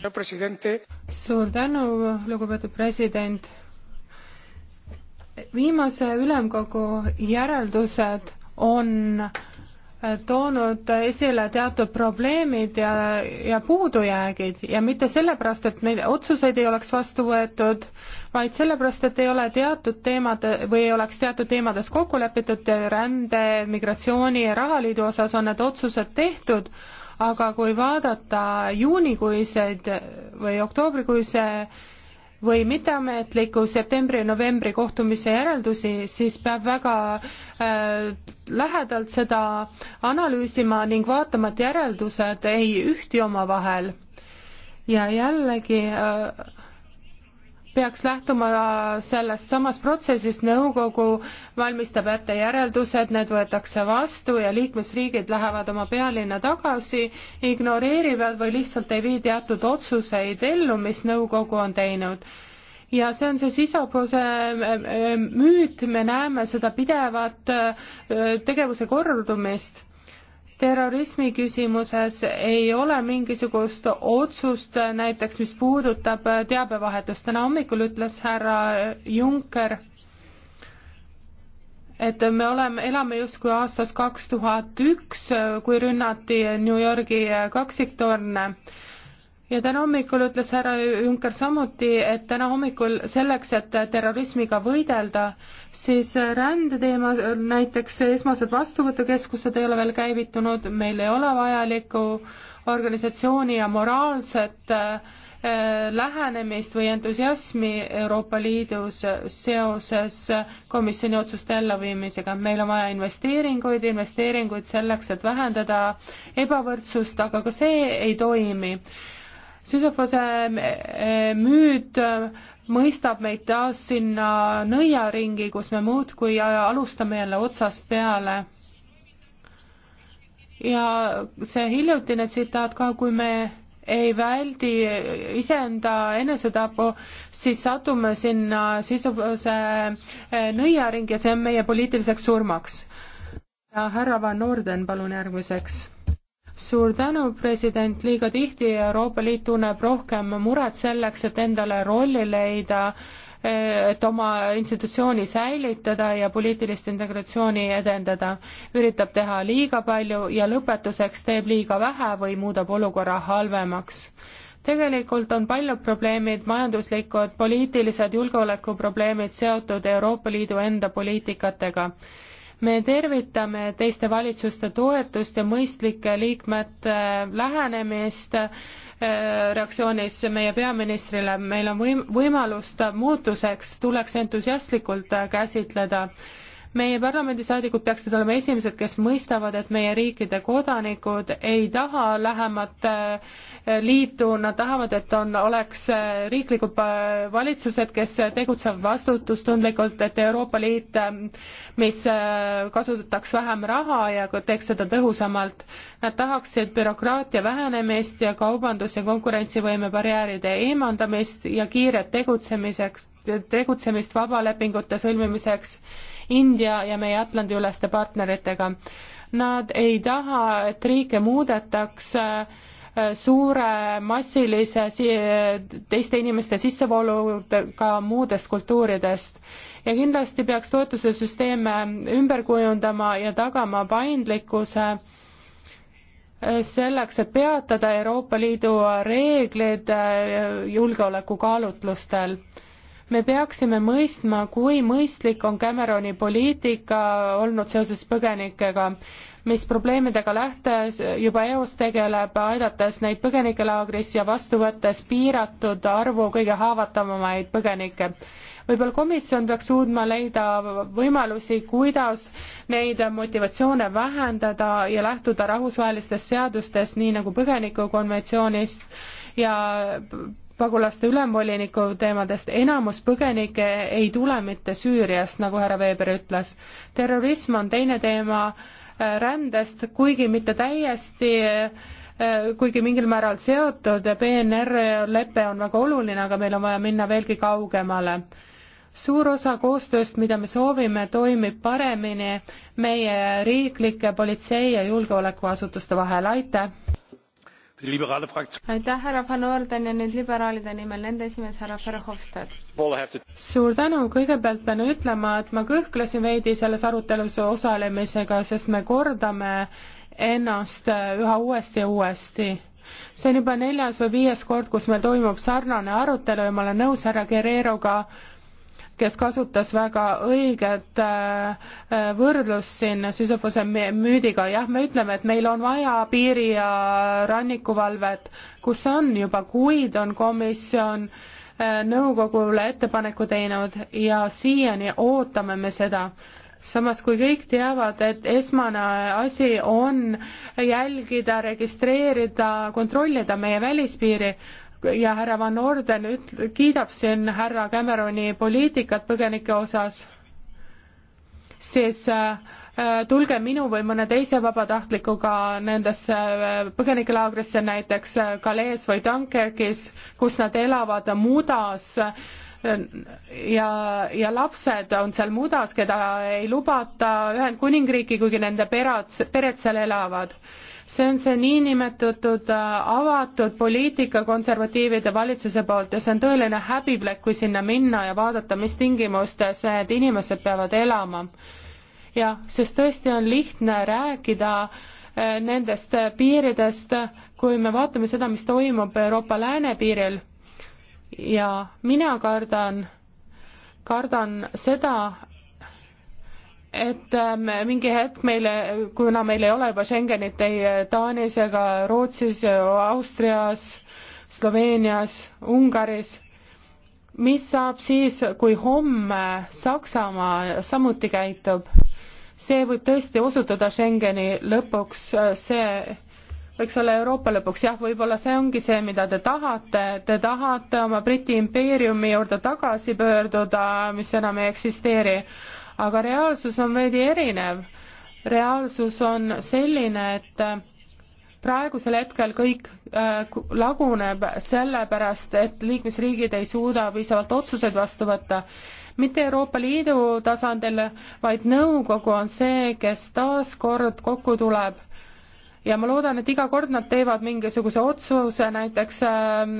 suur tänu, lugupeetud president. viimase ülemkogu järeldused on toonud esile teatud probleemid ja, ja puudujäägid ja mitte sellepärast, et meil otsuseid ei oleks vastu võetud, vaid sellepärast, et ei ole teatud teemade või ei oleks teatud teemades kokku lepitud rände, migratsiooni ja rahaliidu osas on need otsused tehtud, aga kui vaadata juunikuiseid või oktoobrikuise või mitteametliku septembri-novembri kohtumise järeldusi, siis peab väga äh, lähedalt seda analüüsima ning vaatama, et järeldused ei ühti omavahel. ja jällegi äh, peaks lähtuma sellest samast protsessist, nõukogu valmistab ette järeldused, need võetakse vastu ja liikmesriigid lähevad oma pealinna tagasi, ignoreerivad või lihtsalt ei vii teatud otsuseid ellu, mis nõukogu on teinud ja see on see sisapose äh, äh, müüt, me näeme seda pidevat äh, tegevuse kordumist terrorismi küsimuses ei ole mingisugust otsust näiteks, mis puudutab äh, teabevahetust. täna hommikul ütles härra äh, Juncker, et me oleme, elame justkui aastas kaks tuhat üks, äh, kui rünnati New Yorgi kaksiktorne ja täna hommikul ütles härra Juncker samuti, et täna hommikul selleks, et terrorismiga võidelda, siis rändeteema, näiteks esmased vastuvõtukeskused ei ole veel käivitunud, meil ei ole vajalikku organisatsiooni ja moraalset äh, lähenemist või entusiasmi Euroopa Liidus seoses komisjoni otsuste elluviimisega. meil on vaja investeeringuid, investeeringuid selleks, et vähendada ebavõrdsust, aga ka see ei toimi Sisyfose e, müüd äh, mõistab meid taas sinna nõiaringi, kus me muudkui alustame jälle otsast peale. ja see hiljutine tsitaat ka, kui me ei väldi iseenda enesetapu, siis satume sinna sisupõse e, nõiaringi ja see on meie poliitiliseks surmaks. ja härra Van Orden, palun järgmiseks suur tänu, president, liiga tihti Euroopa Liit tunneb rohkem muret selleks, et endale rolli leida, et oma institutsiooni säilitada ja poliitilist integratsiooni edendada. üritab teha liiga palju ja lõpetuseks teeb liiga vähe või muudab olukorra halvemaks tegelikult on paljud probleemid, majanduslikud, poliitilised, julgeolekuprobleemid seotud Euroopa Liidu enda poliitikatega me tervitame teiste valitsuste toetust ja mõistlike liikmete äh, lähenemist äh, reaktsioonis meie peaministrile, meil on võim-, võimalust muutuseks, tuleks entusiastlikult äh, käsitleda meie parlamendisaadikud peaksid olema esimesed, kes mõistavad, et meie riikide kodanikud ei taha lähemat äh, liitu, nad tahavad, et on, oleks äh, riiklikud äh, valitsused, kes tegutsevad vastutustundlikult, et Euroopa Liit, mis kasutaks vähem raha ja teeks seda tõhusamalt. Nad tahaksid bürokraatia vähenemist ja kaubandus- ja konkurentsivõime barjääride eemaldamist ja kiiret tegutsemiseks, tegutsemist vabalepingute sõlmimiseks India ja meie Atlandi-üleste partneritega. Nad ei taha, et riike muudetaks äh, suure massilise teiste inimeste sissevooludega muudest kultuuridest ja kindlasti peaks toetuse süsteeme ümber kujundama ja tagama paindlikkuse äh, selleks, et peatada Euroopa Liidu reeglid äh, julgeolekukaalutlustel me peaksime mõistma, kui mõistlik on Cameroni poliitika olnud seoses põgenikega, mis probleemidega lähtes juba eos tegeleb, aidates neid põgenikelaagris ja vastu võttes piiratud arvu kõige haavatavamaid põgenikke. võib-olla komisjon peaks suutma leida võimalusi, kuidas neid motivatsioone vähendada ja lähtuda rahvusvahelistest seadustest, nii nagu põgenikukonventsioonist ja pagulaste ülemvoliniku teemadest, enamus põgenikke ei tule mitte Süüriast, nagu härra Veber ütles. terrorism on teine teema äh, rändest, kuigi mitte täiesti, äh, kuigi mingil määral seotud, PNR-lepe on väga oluline, aga meil on vaja minna veelgi kaugemale suur osa koostööst, mida me soovime, toimib paremini meie riiklike politsei ja julgeolekuasutuste vahel, aitäh! aitäh, härra Van Orden ja nüüd liberaalide nimel nende esimees härra Verhofstadt. suur tänu, kõigepealt pean ütlema, et ma kõhklesin veidi selles arutelus osalemisega, sest me kordame ennast äh, üha uuesti ja uuesti see on juba neljas või viies kord, kus meil toimub sarnane arutelu ja ma olen nõus härra Guerreroga, kes kasutas väga õiget äh, äh, võrdlust siin Sisyphose müüdiga, jah, me ütleme, et meil on vaja piiri- ja rannikuvalvet, kus on juba kuid, on komisjon äh, nõukogule ettepaneku teinud ja siiani ootame me seda samas kui kõik teavad, et esmane asi on jälgida, registreerida, kontrollida meie välispiiri, ja härra Van Orden üt-, kiidab siin härra Cameroni poliitikat põgenike osas, siis äh, äh, tulge minu või mõne teise vabatahtlikuga nendesse äh, põgenikelaagrisse, näiteks Calais või Dunkerkis, kus nad elavad mudas ja, ja lapsed on seal mudas, keda ei lubata Ühendkuningriiki, kuigi nende perad, pered seal elavad see on see niinimetatud äh, avatud poliitika konservatiivide valitsuse poolt ja see on tõeline häbiplekk, kui sinna minna ja vaadata, mis tingimustes need inimesed peavad elama. jah, sest tõesti on lihtne rääkida äh, nendest äh, piiridest, kui me vaatame seda, mis toimub Euroopa läänepiiril ja mina kardan, kardan seda, et ähm, mingi hetk meile, kuna meil ei ole juba Schengenit ei Taanis ega Rootsis, Austrias, Sloveenias, Ungaris, mis saab siis, kui homme Saksamaa samuti käitub? see võib tõesti osutuda Schengeni lõpuks, äh, see võiks olla Euroopa lõpuks, jah, võib-olla see ongi see, mida te tahate, te tahate oma Briti impeeriumi juurde tagasi pöörduda, mis enam ei eksisteeri, aga reaalsus on veidi erinev. reaalsus on selline, et äh, praegusel hetkel kõik äh, laguneb sellepärast, et liikmesriigid ei suuda piisavalt otsuseid vastu võtta mitte Euroopa Liidu tasandil, vaid nõukogu on see, kes taas kord kokku tuleb ja ma loodan, et iga kord nad teevad mingisuguse otsuse näiteks ähm,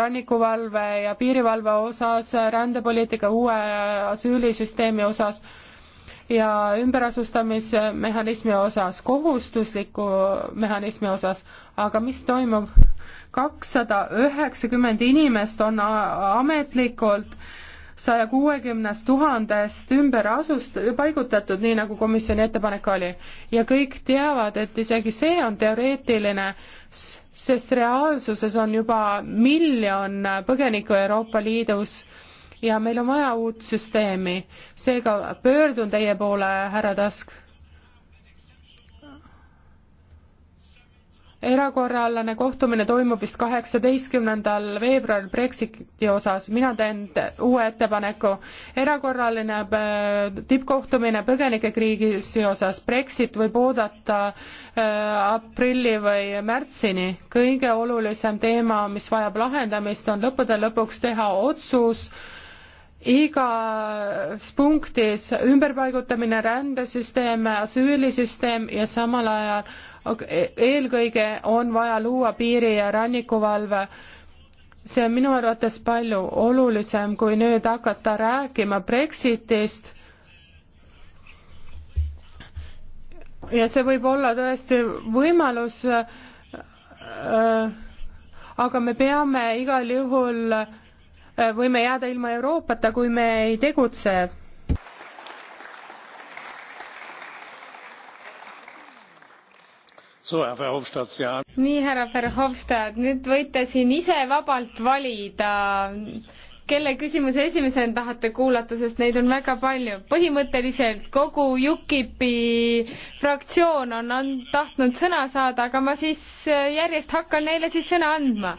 rannikuvalve ja piirivalve osas, rändepoliitika uue asüülisüsteemi osas ja ümberasustamismehhanismi osas, kohustusliku mehhanismi osas, aga mis toimub? kakssada üheksakümmend inimest on ametlikult äh, saja kuuekümnest tuhandest ümber asust-, paigutatud, nii nagu komisjoni ettepanek oli. ja kõik teavad, et isegi see on teoreetiline, sest reaalsuses on juba miljon põgenikku Euroopa Liidus ja meil on vaja uut süsteemi. seega pöördun teie poole, härra Tusk erakorraline kohtumine toimub vist kaheksateistkümnendal veebruaril Brexiti osas, mina teen uue ettepaneku. erakorraline äh, tippkohtumine põgenikekriisi osas, Brexit võib oodata äh, aprilli või märtsini. kõige olulisem teema, mis vajab lahendamist, on lõppude lõpuks teha otsus, igas punktis ümberpaigutamine, rändesüsteem, asüülisüsteem ja samal ajal E, eelkõige on vaja luua piiri- ja rannikuvalve see on minu arvates palju olulisem, kui nüüd hakata rääkima Brexitist. ja see võib olla tõesti võimalus, äh, aga me peame igal juhul, äh, võime jääda ilma Euroopata, kui me ei tegutse nii, härra Verhofstadt, nüüd võite siin ise vabalt valida, kelle küsimuse esimesena tahate kuulata, sest neid on väga palju. põhimõtteliselt kogu UKIP-i fraktsioon on, on tahtnud sõna saada, aga ma siis äh, järjest hakkan neile siis sõna andma.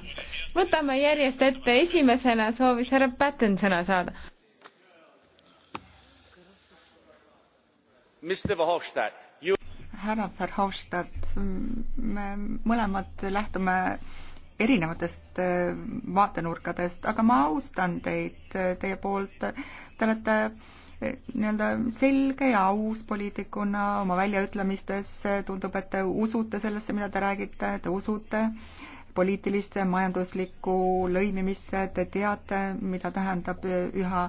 võtame järjest ette, esimesena soovis härra Patten sõna saada. Mr Verhofstadt härra Verhofstadt, me mõlemad lähtume erinevatest äh, vaatenurkadest, aga ma austan teid, äh, teie poolt, te olete äh, nii-öelda selge ja aus poliitikuna oma väljaütlemistes, tundub, et te usute sellesse, mida te räägite, te usute poliitilisse, majanduslikku lõimimisse, te teate, mida tähendab üha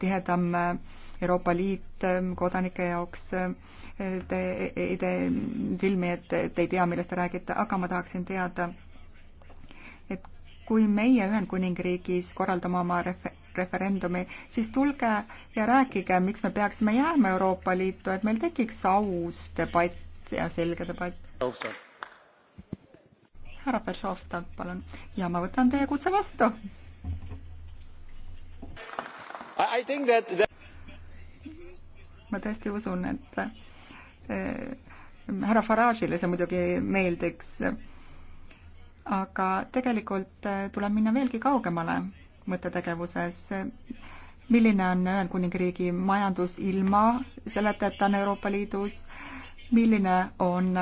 tihedam äh, Euroopa Liit ähm, kodanike jaoks. Äh, te ei e, tee silmi, et te ei tea, millest te räägite, aga ma tahaksin teada, et kui meie Ühendkuningriigis korraldame oma refe-, referendumi, siis tulge ja rääkige, miks me peaksime jääma Euroopa Liitu, et meil tekiks aus debatt ja selge debatt. härra Verhofstadt, palun. ja ma võtan teie kutse vastu. That ma tõesti usun, et eh, härra Farage'ile see muidugi meeldiks. aga tegelikult eh, tuleb minna veelgi kaugemale mõttetegevuses. milline on Ühendkuningriigi majandus ilma selleta, et ta on Euroopa Liidus? milline on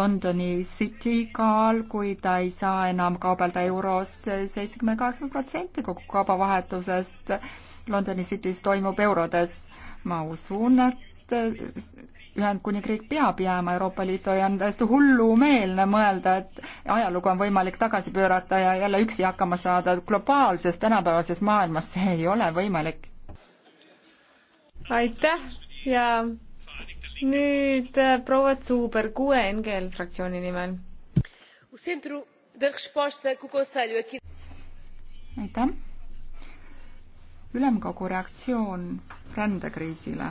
Londoni City kaal, kui ta ei saa enam kaubelda euros seitsekümmend kaheksa protsenti kogu kaubavahetusest Londoni City's toimub eurodes ma usun, et Ühendkuningriik peab jääma Euroopa Liitu ja on täiesti hullumeelne mõelda, et ajalugu on võimalik tagasi pöörata ja jälle üksi hakkama saada globaalses tänapäevases maailmas, see ei ole võimalik. aitäh ja nüüd äh, proua Zuber kuue NGL fraktsiooni nimel. aitäh ülemkogu reaktsioon rändekriisile.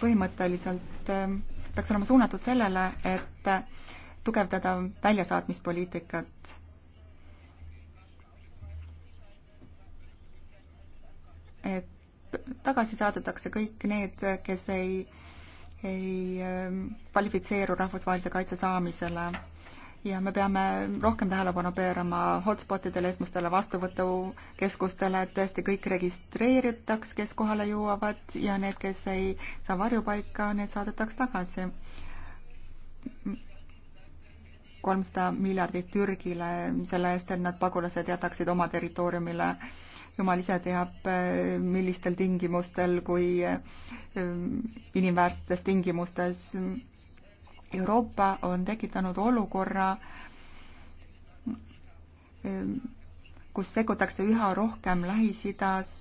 põhimõtteliselt ähm, peaks olema suunatud sellele, et tugevdada väljasaatmispoliitikat. et tagasi saadetakse kõik need, kes ei, ei ähm, kvalifitseeru rahvusvahelise kaitse saamisele ja me peame rohkem tähelepanu pöörama hotspotidele, esmastele vastuvõtukeskustele, et tõesti kõik registreeritaks, kes kohale jõuavad ja need, kes ei saa varjupaika, need saadetaks tagasi. kolmsada miljardit Türgile selle eest, et nad pagulased jätaksid oma territooriumile. jumal ise teab, millistel tingimustel, kui ehm, inimväärsetes tingimustes Euroopa on tekitanud olukorra, ehm, kus segutakse üha rohkem Lähis-Idas,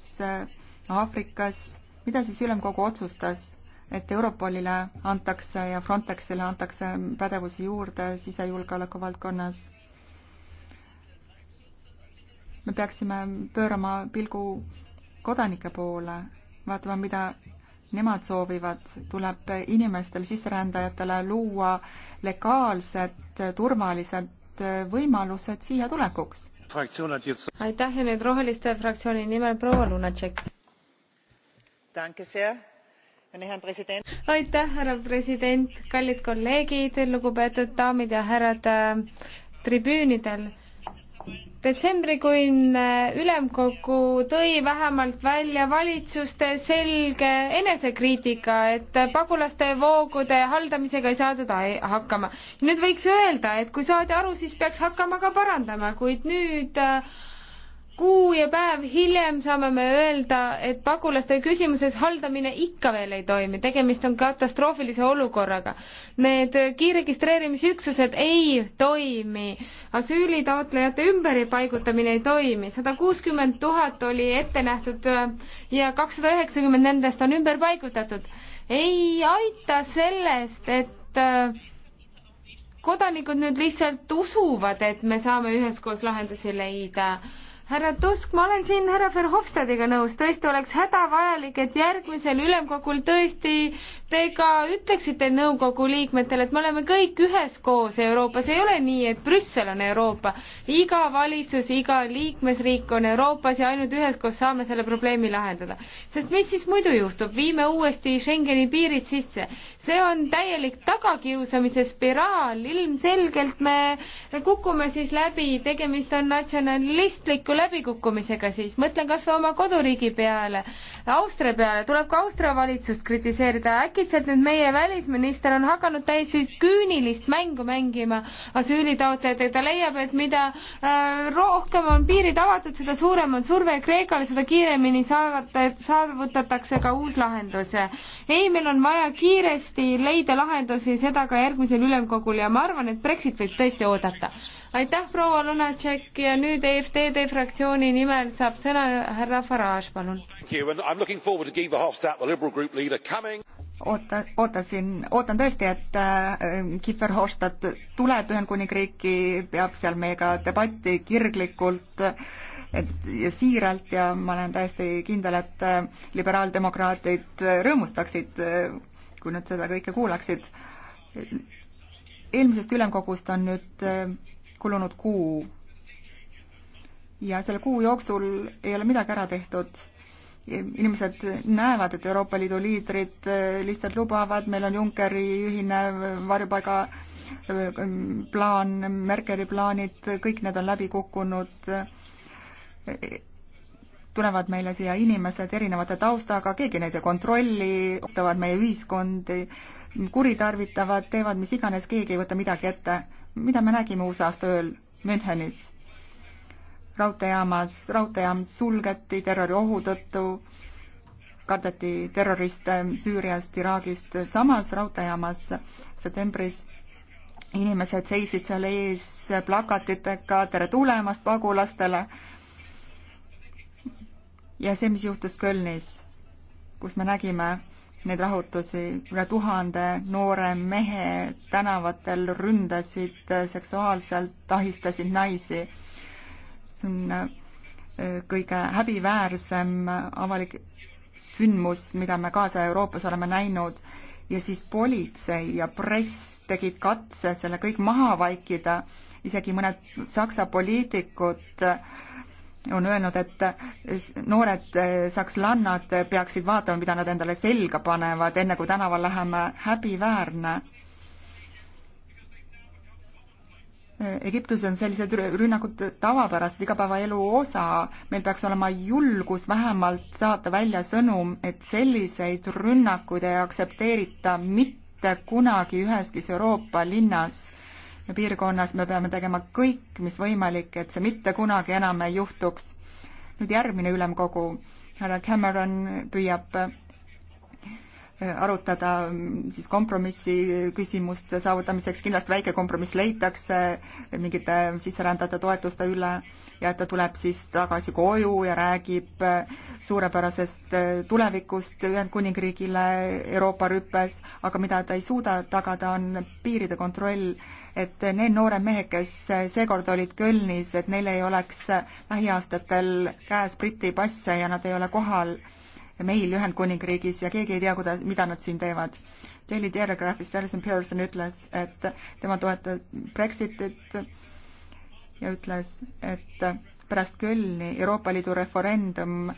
Aafrikas, mida siis ülemkogu otsustas, et Europolile antakse ja Frontexile antakse pädevusi juurde sisejulgeoleku valdkonnas. me peaksime pöörama pilgu kodanike poole, vaatama, mida nemad soovivad, tuleb inimestel, sisserändajatele luua legaalsed, turvalised võimalused siia tulekuks. aitäh ja nüüd Roheliste fraktsiooni nimel proua Lunatšek. aitäh, härra president, kallid kolleegid, lugupeetud daamid ja härrad äh, tribüünidel detsembrikuine ülemkogu tõi vähemalt välja valitsuste selge enesekriitika, et pagulaste voogude haldamisega ei saadud hakkama. nüüd võiks öelda, et kui saadi aru, siis peaks hakkama ka parandama, kuid nüüd äh, kuu ja päev hiljem saame me öelda, et pagulaste küsimuses haldamine ikka veel ei toimi, tegemist on katastroofilise olukorraga. Need kiirregistreerimisüksused ei toimi, asüülitaotlejate ümberpaigutamine ei toimi, sada kuuskümmend tuhat oli ette nähtud äh, ja kakssada üheksakümmend nendest on ümber paigutatud. ei aita sellest, et äh, kodanikud nüüd lihtsalt usuvad, et me saame üheskoos lahendusi leida härra Tusk, ma olen siin härra Verhofstadiga nõus, tõesti oleks hädavajalik, et järgmisel ülemkogul tõesti te ka ütleksite nõukogu liikmetele, et me oleme kõik üheskoos Euroopas, ei ole nii, et Brüssel on Euroopa. iga valitsus, iga liikmesriik on Euroopas ja ainult üheskoos saame selle probleemi lahendada. sest mis siis muidu juhtub, viime uuesti Schengeni piirid sisse, see on täielik tagakiusamise spiraal, ilmselgelt me kukume siis läbi, tegemist on natsionalistliku läbikukkumisega siis, mõtlen kas või oma koduriigi peale, Austria peale, tuleb ka Austria valitsust kritiseerida, äkitselt nüüd meie välisminister on hakanud täiesti küünilist mängu mängima asüülitaotlejatega, ta leiab, et mida äh, rohkem on piirid avatud, seda suurem on surve Kreekale, seda kiiremini saavad, saavutatakse ka uus lahendus. ei, meil on vaja kiiresti tõesti leida lahendusi, seda ka järgmisel ülemkogul ja ma arvan, et Brexit võib tõesti oodata. aitäh, proua Lunatšek ja nüüd EFTD fraktsiooni nimel saab sõna härra Farage, palun. oota, ootasin, ootan tõesti, et Kiefer äh, Horstad tuleb Ühendkuningriiki, peab seal meiega debatti kirglikult et ja siiralt ja ma olen täiesti kindel, et äh, liberaaldemokraadid rõõmustaksid äh, kui nad seda kõike kuulaksid. eelmisest ülemkogust on nüüd äh, kulunud kuu ja selle kuu jooksul ei ole midagi ära tehtud. inimesed näevad, et Euroopa Liidu liidrid äh, lihtsalt lubavad, meil on Junckeri ühine varjupaiga äh, plaan, Merkeli plaanid, kõik need on läbi kukkunud tulevad meile siia inimesed erinevate taustaga, keegi neid ei kontrolli, ostavad meie ühiskondi, kuritarvitavad, teevad mis iganes, keegi ei võta midagi ette. mida me nägime uus aasta ööl Münchenis? raudteejaamas, raudteejaam sulgeti terroriohu tõttu, kardeti terroriste Süüriast, Iraagist, samas raudteejaamas septembris inimesed seisid seal ees plakatitega Tere tulemast pagulastele ja see, mis juhtus Kölnis, kus me nägime neid rahutusi, üle tuhande noore mehe tänavatel ründasid seksuaalselt, ahistasid naisi. see on äh, kõige häbiväärsem avalik sündmus, mida me kaasa Euroopas oleme näinud ja siis politsei ja press tegid katse selle kõik maha vaikida, isegi mõned Saksa poliitikud äh, on öelnud, et noored eh, sakslannad peaksid vaatama, mida nad endale selga panevad, enne kui tänaval läheme, häbiväärne. Eh, Egiptuses on sellised rünnakud tavapärased igapäevaelu osa, meil peaks olema julgus vähemalt saata välja sõnum, et selliseid rünnakuid ei aktsepteerita mitte kunagi üheski Euroopa linnas piirkonnas, me peame tegema kõik, mis võimalik, et see mitte kunagi enam ei juhtuks. nüüd järgmine ülemkogu, härra Cameron püüab äh, arutada mm, siis kompromissi küsimust saavutamiseks, kindlasti väike kompromiss leitakse äh, mingite sisserändajate toetuste üle ja et ta tuleb siis tagasi koju ja räägib äh, suurepärasest tulevikust Ühendkuningriigile Euroopa rüppes, aga mida ta ei suuda tagada, on piiride kontroll et need noored mehed, kes seekord olid Kölnis, et neil ei oleks lähiaastatel käes Briti passe ja nad ei ole kohal meil Ühendkuningriigis ja keegi ei tea, kuidas, mida nad siin teevad. Daily Telegraphist Alison Pearson ütles, et tema toetab Brexitit ja ütles, et pärast Kölni Euroopa Liidu referendum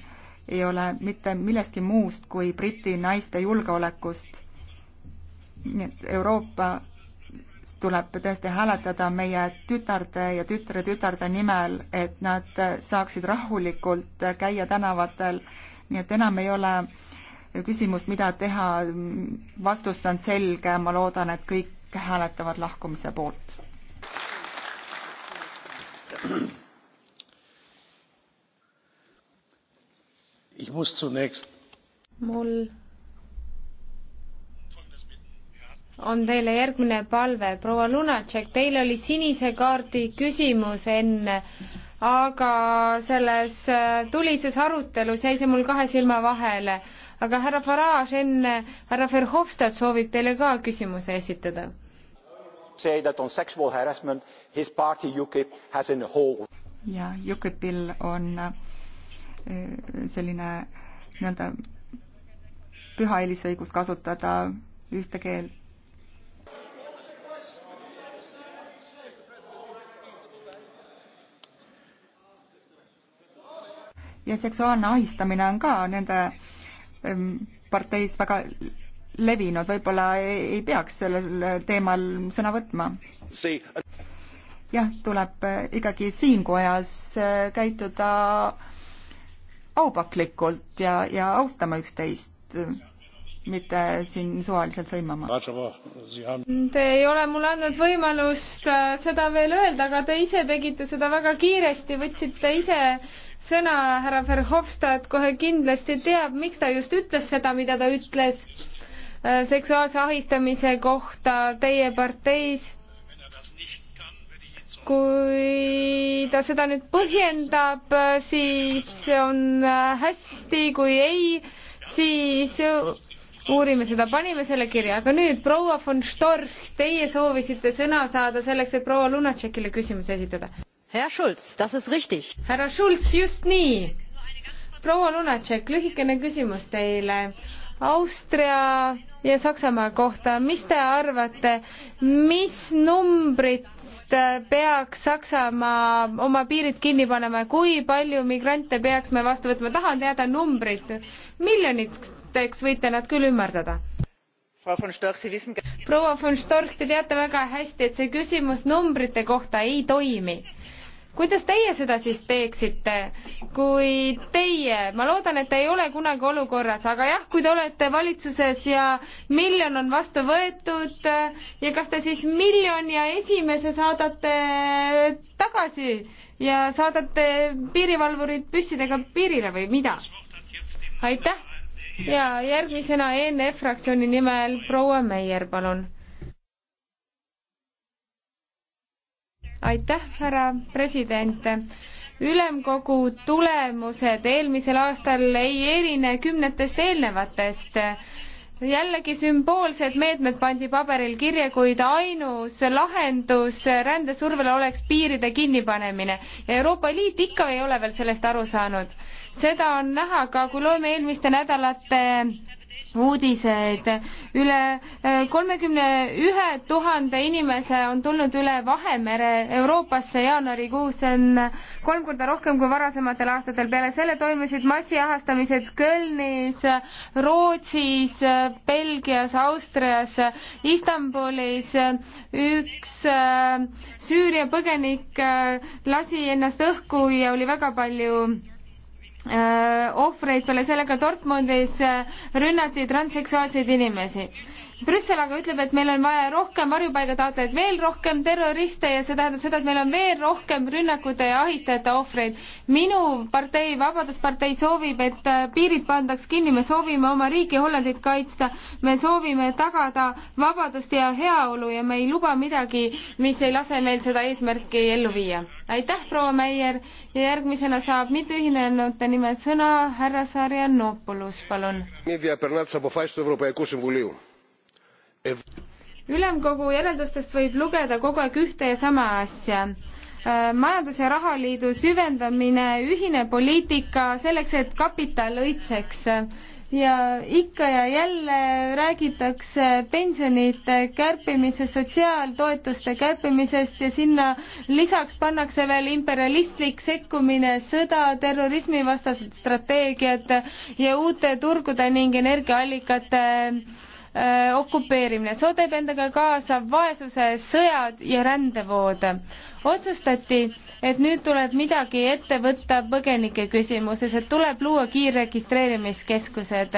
ei ole mitte millestki muust kui Briti naiste julgeolekust. nii et Euroopa tuleb tõesti hääletada meie tütarde ja tütre-tütarde nimel, et nad saaksid rahulikult käia tänavatel, nii et enam ei ole küsimust, mida teha, vastus on selge, ma loodan, et kõik hääletavad lahkumise poolt. mul on teile järgmine palve. proua Lunatšek, teil oli sinise kaardi küsimus enne, aga selles äh, tulises arutelus jäi see mul kahe silma vahele. aga härra Farage enne, härra Verhofstadt soovib teile ka küsimuse esitada. ja UKIP-il on äh, selline nii-öelda püha eelisõigus kasutada ühte keelt ja seksuaalne ahistamine on ka nende ähm, parteis väga levinud, võib-olla ei peaks sellel teemal sõna võtma. jah, tuleb äh, ikkagi siin kojas äh, käituda aupaklikult ja, ja austama üksteist äh, mitte siin suvaliselt sõimama. Te ei ole mulle andnud võimalust seda veel öelda, aga te ise tegite seda väga kiiresti, võtsite ise sõna härra Verhofstadt kohe kindlasti teab, miks ta just ütles seda, mida ta ütles äh, seksuaalse ahistamise kohta teie parteis. kui ta seda nüüd põhjendab, siis on äh, hästi, kui ei, siis äh, uurime seda, panime selle kirja, aga nüüd proua von Storch, teie soovisite sõna saada selleks, et proua Lunatšekile küsimuse esitada Herr Schulz, das ist richtig. härra Schulz, just nii. proua Lunatšek, lühikene küsimus teile. Austria ja Saksamaa kohta, mis te arvate, mis numbritest peaks Saksamaa oma piirid kinni panema, kui palju migrante peaks me vastu võtma, tahan teada numbrit. miljoniteks võite nad küll ümardada proua von storch te teate väga hästi et see küsimus numbrite kohta ei toimi kuidas teie seda siis teeksite, kui teie, ma loodan, et te ei ole kunagi olukorras, aga jah, kui te olete valitsuses ja miljon on vastu võetud ja kas te siis miljon ja esimese saadate tagasi ja saadate piirivalvurid püssidega piirile või mida? aitäh ja järgmisena ENF fraktsiooni nimel proua Meier, palun aitäh, härra president. ülemkogu tulemused eelmisel aastal ei erine kümnetest eelnevatest jällegi sümboolsed meetmed pandi paberil kirja, kuid ainus lahendus rändesurvele oleks piiride kinnipanemine ja Euroopa Liit ikka ei ole veel sellest aru saanud. seda on näha ka, kui loeme eelmiste nädalate uudised. üle eh, kolmekümne ühe tuhande inimese on tulnud üle Vahemere Euroopasse jaanuarikuus, see on kolm korda rohkem kui varasematel aastatel. peale selle toimusid massiahastamised Kölnis, Rootsis, Belgias, Austrias, Istanbulis. üks eh, Süüria põgenik eh, lasi ennast õhku ja oli väga palju Äh, ohvreid peale sellega Dortmundis äh, rünnati transseksuaalseid inimesi Brüssel aga ütleb, et meil on vaja rohkem varjupaigataotlejaid, veel rohkem terroriste ja see tähendab seda, et meil on veel rohkem rünnakute ja ahistajate ohvreid. minu partei, Vabaduspartei soovib, et äh, piirid pandaks kinni, me soovime oma riiki Hollandit kaitsta, me soovime tagada vabadust ja heaolu ja me ei luba midagi, mis ei lase meil seda eesmärki ellu viia. aitäh, proua Meier ja järgmisena saab mitteühinenute nimel sõna härra Sarjanopoulos, palun ülemkogu järeldustest võib lugeda kogu aeg ühte ja sama asja äh, majandus- ja rahaliidu süvendamine, ühine poliitika selleks, et kapital õitseks ja ikka ja jälle räägitakse pensionite kärpimisest, sotsiaaltoetuste kärpimisest ja sinna lisaks pannakse veel imperialistlik sekkumine, sõda, terrorismivastased strateegiad ja uute turgude ning energiaallikate okupeerimine, see teeb endaga kaasa vaesuse, sõjad ja rändevood. otsustati, et nüüd tuleb midagi ette võtta põgenike küsimuses, et tuleb luua kiirregistreerimiskeskused.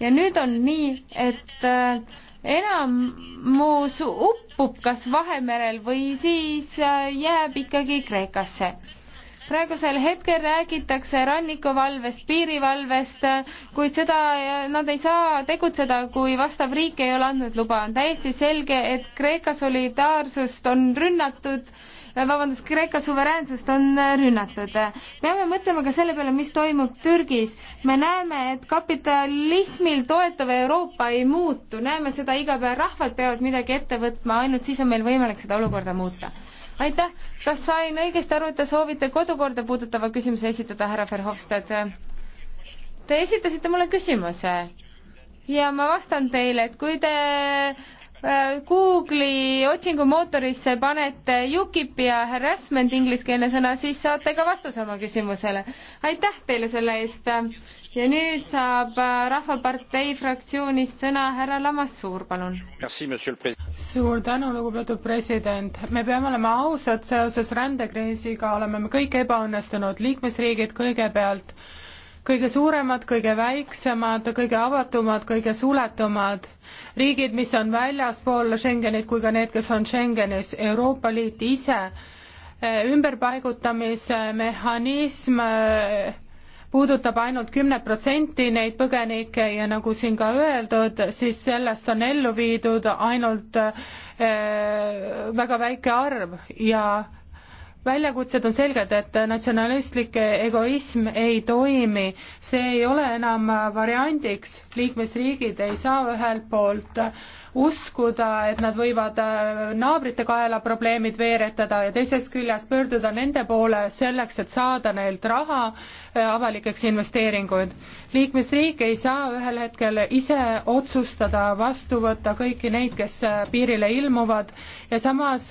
ja nüüd on nii, et enamus uppub kas Vahemerel või siis jääb ikkagi Kreekasse praegusel hetkel räägitakse rannikuvalvest, piirivalvest, kuid seda, eh, nad ei saa tegutseda, kui vastav riik ei ole andnud luba. on täiesti selge, et Kreeka solidaarsust on rünnatud eh, vabandust, Kreeka suveräänsust on eh, rünnatud. peame mõtlema ka selle peale, mis toimub Türgis. me näeme, et kapitalismil toetav Euroopa ei muutu, näeme seda iga päev, rahvad peavad midagi ette võtma, ainult siis on meil võimalik seda olukorda muuta aitäh, kas sain õigesti aru, et te soovite kodukorda puudutava küsimuse esitada, härra Verhofstadt? Te esitasite mulle küsimuse ja ma vastan teile, et kui te Äh, Google'i otsingumootorisse panete UKIP ja harassment ingliskeelne sõna, siis saate ka vastuse oma küsimusele. aitäh teile selle eest. ja nüüd saab äh, Rahvapartei fraktsioonist sõna härra Lamassuur, palun. suur tänu, lugupeetud president. me peame olema ausad, seoses rändekriisiga oleme me kõik ebaõnnestunud, liikmesriigid kõigepealt kõige suuremad, kõige väiksemad, kõige avatumad, kõige suletumad riigid, mis on väljaspool Schengenit kui ka need, kes on Schengenis, Euroopa Liit ise, eh, ümberpaigutamise mehhanism eh, puudutab ainult kümne protsenti neid põgenikke ja nagu siin ka öeldud, siis sellest on ellu viidud ainult eh, väga väike arv ja väljakutsed on selged, et natsionalistlik egoism ei toimi, see ei ole enam variandiks, liikmesriigid ei saa ühelt poolt äh, uskuda, et nad võivad äh, naabrite kaela probleemid veeretada ja teisest küljest pöörduda nende poole selleks, et saada neilt raha äh, avalikeks investeeringuid. liikmesriik ei saa ühel hetkel ise otsustada vastu võtta kõiki neid, kes äh, piirile ilmuvad ja samas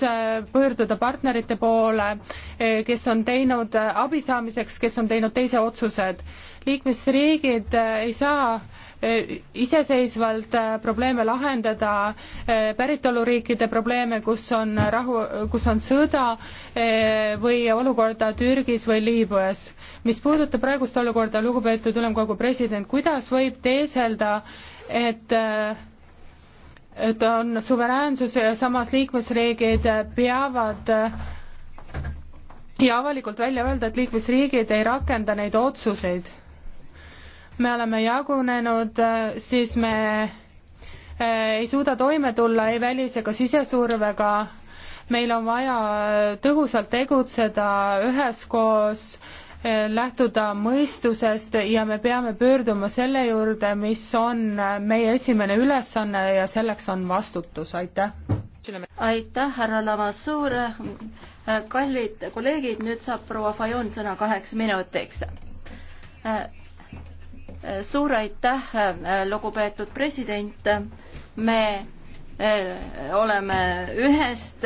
pöörduda partnerite poole, kes on teinud abi saamiseks, kes on teinud teise otsused. liikmesriigid ei saa Äh, iseseisvalt äh, probleeme lahendada, äh, päritoluriikide probleeme, kus on rahu, kus on sõda või olukorda Türgis või Liibüas. mis puudutab praegust olukorda, lugupeetud ülemkogu president, kuidas võib teeselda, et et on suveräänsus ja samas liikmesriigid peavad ja avalikult välja öelda, et liikmesriigid ei rakenda neid otsuseid me oleme jagunenud, siis me eh, ei suuda toime tulla ei välis- ega sisesurvega, meil on vaja tõhusalt tegutseda üheskoos, eh, lähtuda mõistusest ja me peame pöörduma selle juurde, mis on eh, meie esimene ülesanne ja selleks on vastutus, aitäh. aitäh, härra Lamassuur. kallid kolleegid, nüüd saab proua Fajon sõna kaheks minutiks suur aitäh, lugupeetud president. me eh, oleme ühest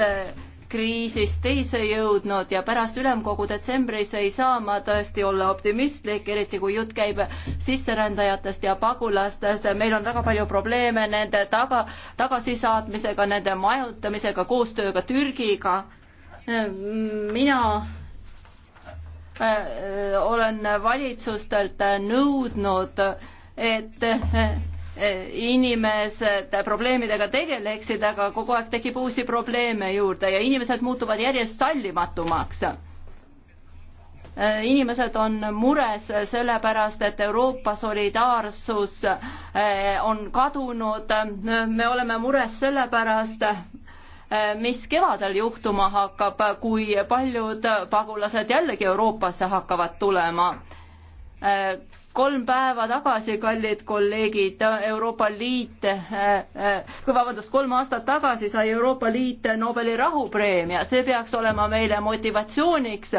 kriisist teise jõudnud ja pärast ülemkogu detsembris ei saa ma tõesti olla optimistlik, eriti kui jutt käib sisserändajatest ja pagulastest. meil on väga palju probleeme nende taga, tagasisaatmisega, nende majutamisega, koostööga Türgiga. mina Äh, äh, olen valitsustelt äh, nõudnud, et inimesed probleemidega tegeleksid, aga kogu aeg tekib uusi probleeme juurde ja inimesed muutuvad järjest sallimatumaks. inimesed on mures sellepärast, et Euroopa solidaarsus on kadunud. me oleme mures sellepärast, Äh, mis kevadel juhtuma hakkab, kui paljud pagulased jällegi Euroopasse hakkavad tulema. Äh, kolm päeva tagasi, kallid kolleegid, Euroopa Liit, äh, vabandust, kolm aastat tagasi sai Euroopa Liit Nobeli rahupreemia, see peaks olema meile motivatsiooniks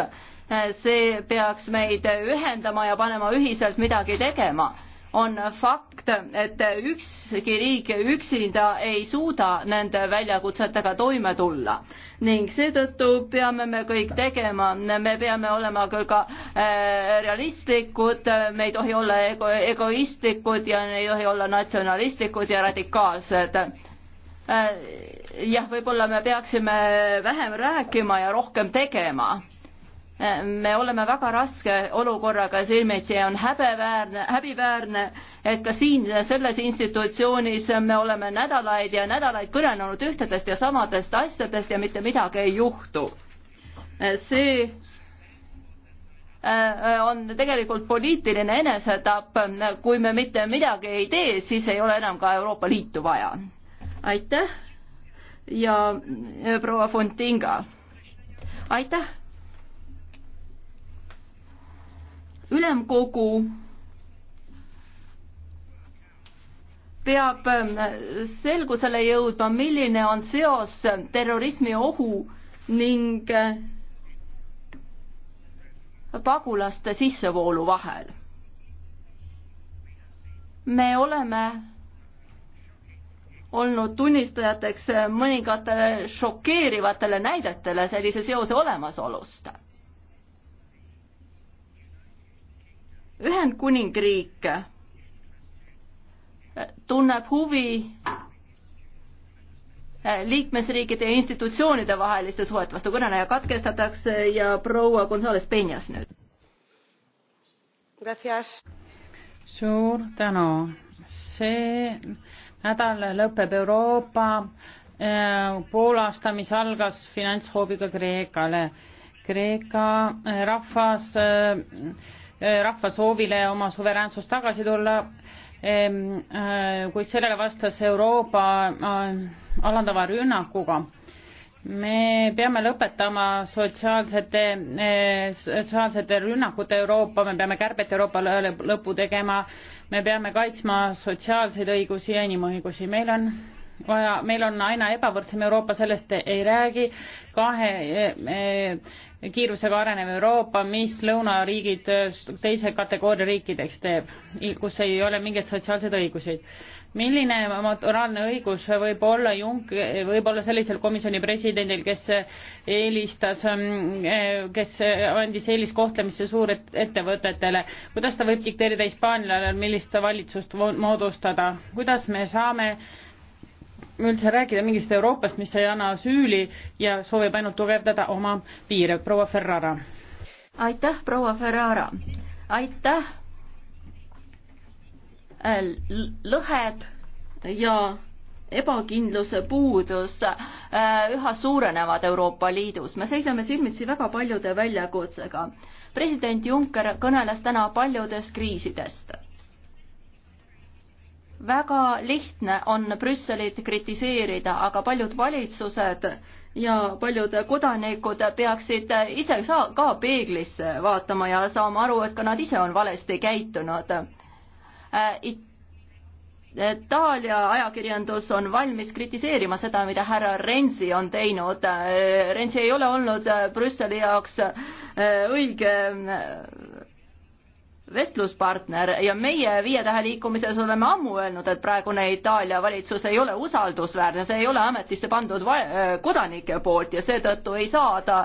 see peaks meid ühendama ja panema ühiselt midagi tegema on fakt, et ükski riik üksinda ei suuda nende väljakutsetega toime tulla ning seetõttu peame me kõik tegema, me peame olema küll ka äh, realistlikud, me ei tohi olla ego, egoistlikud ja ei tohi olla natsionalistlikud ja radikaalsed äh, jah, võib-olla me peaksime vähem rääkima ja rohkem tegema me oleme väga raske olukorraga silmitsi ja on häbeväärne, häbiväärne, et ka siin selles institutsioonis me oleme nädalaid ja nädalaid kõnelenud ühtedest ja samadest asjadest ja mitte midagi ei juhtu. see äh, on tegelikult poliitiline enesetapp, kui me mitte midagi ei tee, siis ei ole enam ka Euroopa Liitu vaja. aitäh ja äh, proua Fontinga, aitäh ülemkogu peab ähm, selgusele jõudma, milline on seos terrorismi ohu ning äh, pagulaste sissevoolu vahel. me oleme olnud tunnistajateks mõningatele šokeerivatele näidetele sellise seose olemasolust Ühendkuningriik tunneb huvi liikmesriikide ja institutsioonide vaheliste suhete vastu. kõneleja katkestatakse ja proua Gonzales Penjas nüüd. suur tänu. see nädal lõpeb Euroopa eh, poolaastamis algas finantshoobiga Kreekale. Kreeka eh, rahvas äh, Äh, rahva soovile oma suveräänsust tagasi tulla, ehm, äh, kuid sellele vastas Euroopa äh, alandava rünnakuga. me peame lõpetama sotsiaalsete, sotsiaalsete rünnakute Euroopa, me peame kärbet Euroopale lõpu tegema, me peame kaitsma sotsiaalseid õigusi ja inimõigusi, meil on vaja, meil on aina ebavõrdsem Euroopa, sellest ei räägi, kahe e, e, kiirusega arenev Euroopa, mis lõunariigid teise kategooria riikideks teeb, kus ei ole mingeid sotsiaalseid õiguseid. milline moraalne õigus võib olla Junk-, võib olla sellisel komisjoni presidendil, kes eelistas, e, kes andis eeliskohtlemisse suurettevõtetele, kuidas ta võib dikteerida hispaanlale, millist valitsust moodustada, kuidas me saame äh, üldse rääkida mingist Euroopast, mis ei anna süüli ja soovib ainult tugevdada oma piire. proua Ferrara. aitäh, proua Ferrara. aitäh. Äh, lõhed ja ebakindluse puudus äh, üha suurenevad Euroopa Liidus. me seisame silmitsi väga paljude väljakutsega. president Juncker kõneles täna paljudest kriisidest väga lihtne on Brüsselit kritiseerida, aga paljud valitsused ja paljud kodanikud peaksid ise ka peeglisse vaatama ja saama aru, et ka nad ise on valesti käitunud. Äh, Itaalia ajakirjandus on valmis kritiseerima seda, mida härra Renzi on teinud. Äh, Renzi ei ole olnud Brüsseli jaoks äh, õige vestluspartner ja meie Viie Tähe liikumises oleme ammu öelnud, et praegune Itaalia valitsus ei ole usaldusväärne, see ei ole ametisse pandud äh, kodanike poolt ja seetõttu ei saa ta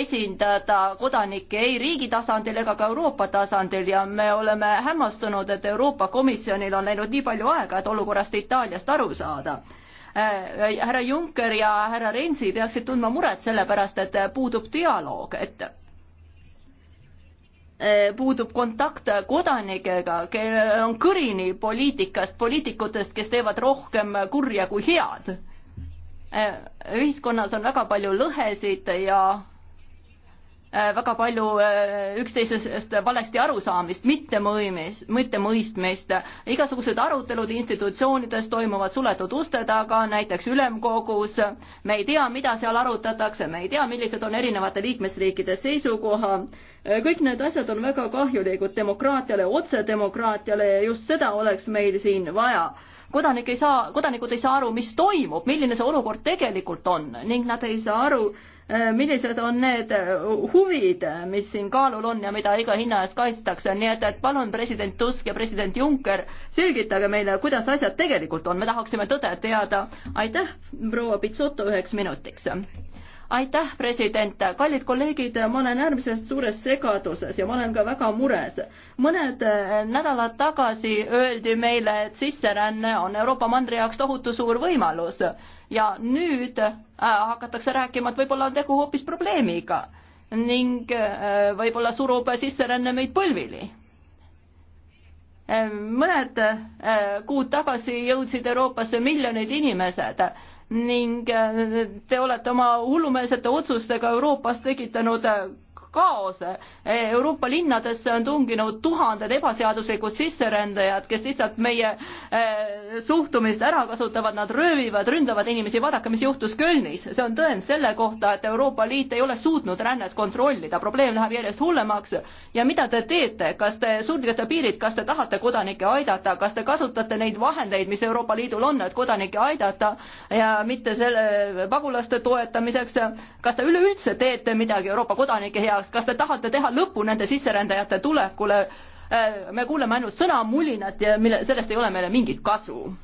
esindada kodanikke ei riigi tasandil ega ka Euroopa tasandil ja me oleme hämmastunud, et Euroopa Komisjonil on läinud nii palju aega, et olukorrast Itaaliast aru saada äh, äh, härra Juncker ja härra Renzi peaksid tundma muret selle pärast, et puudub dialoog, et Eh, puudub kontakt kodanikega, kellel on kõrini poliitikast, poliitikutest, kes teevad rohkem kurja kui head. Eh, ühiskonnas on väga palju lõhesid ja Äh, väga palju äh, üksteisest valesti arusaamist, mittemõimist, mittemõistmist, igasugused arutelud institutsioonides toimuvad suletud uste taga, näiteks ülemkogus, me ei tea, mida seal arutatakse, me ei tea, millised on erinevate liikmesriikide seisukoha, äh, kõik need asjad on väga kahjulikud demokraatiale, otsedemokraatiale ja just seda oleks meil siin vaja kodanik ei saa, kodanikud ei saa aru, mis toimub, milline see olukord tegelikult on ning nad ei saa aru, Äh, millised on need äh, huvid, mis siin kaalul on ja mida iga hinna eest kaitstakse, nii et, et palun, president Tusk ja president Juncker, selgitage meile, kuidas asjad tegelikult on, me tahaksime tõde teada. aitäh, proua Pitsoto, üheks minutiks aitäh, president, kallid kolleegid, ma olen äärmiselt suures segaduses ja ma olen ka väga mures. mõned äh, nädalad tagasi öeldi meile, et sisseränne on Euroopa mandri jaoks tohutu suur võimalus ja nüüd äh, hakatakse rääkima, et võib-olla on tegu hoopis probleemiga ning äh, võib-olla surub sisseränne meid põlvili mõned kuud tagasi jõudsid Euroopasse miljonid inimesed ning äh, te olete oma hullumeelsete otsustega Euroopas tekitanud äh, kaos. Euroopa linnadesse on tunginud tuhanded ebaseaduslikud sisserändajad, kes lihtsalt meie eh, suhtumist ära kasutavad, nad röövivad, ründavad inimesi, vaadake, mis juhtus Kölnis. see on tõend selle kohta, et Euroopa Liit ei ole suutnud rännet kontrollida, probleem läheb järjest hullemaks ja mida te teete, kas te sulgete piirid, kas te tahate kodanikke aidata, kas te kasutate neid vahendeid, mis Euroopa Liidul on, et kodanikke aidata ja mitte selle pagulaste toetamiseks, kas te üleüldse teete midagi Euroopa kodanike heaks? heaks, kas te tahate teha lõpu nende sisserändajate tulekule? Äh, me kuuleme ainult sõnamulinat ja mille, sellest ei ole meile mingit kasu.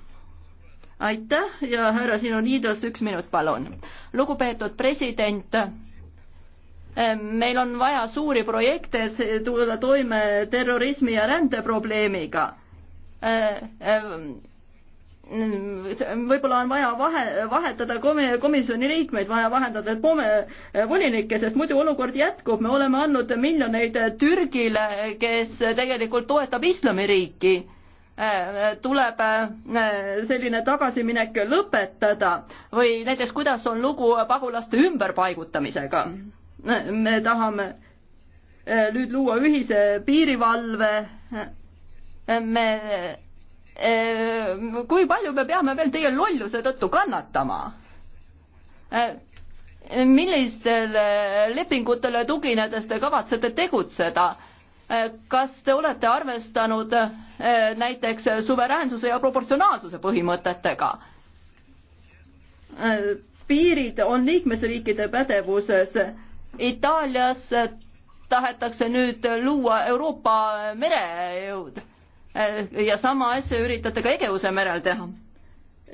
aitäh ja härra Sinoniidos, üks minut, palun. lugupeetud president, äh, meil on vaja suuri projekte, tulla toime terrorismi ja rändeprobleemiga äh, võib-olla on vaja vahe, vahetada komisjoni liikmeid, vaja vahendada volinikke, sest muidu olukord jätkub, me oleme andnud miljoneid Türgile, kes tegelikult toetab islamiriiki. tuleb äh, selline tagasiminek lõpetada või näiteks, kuidas on lugu pagulaste ümberpaigutamisega? me tahame äh, nüüd luua ühise piirivalve, me Äh, kui palju me peame veel teie lolluse tõttu kannatama? Äh, millistele lepingutele tuginedes te kavatsete tegutseda? Äh, kas te olete arvestanud näiteks suveräänsuse ja proportsionaalsuse põhimõtetega? piirid on liikmesriikide pädevuses. Itaalias tahetakse nüüd luua Euroopa merejõud Äh, ja sama asja üritate ka Egeuse merel teha.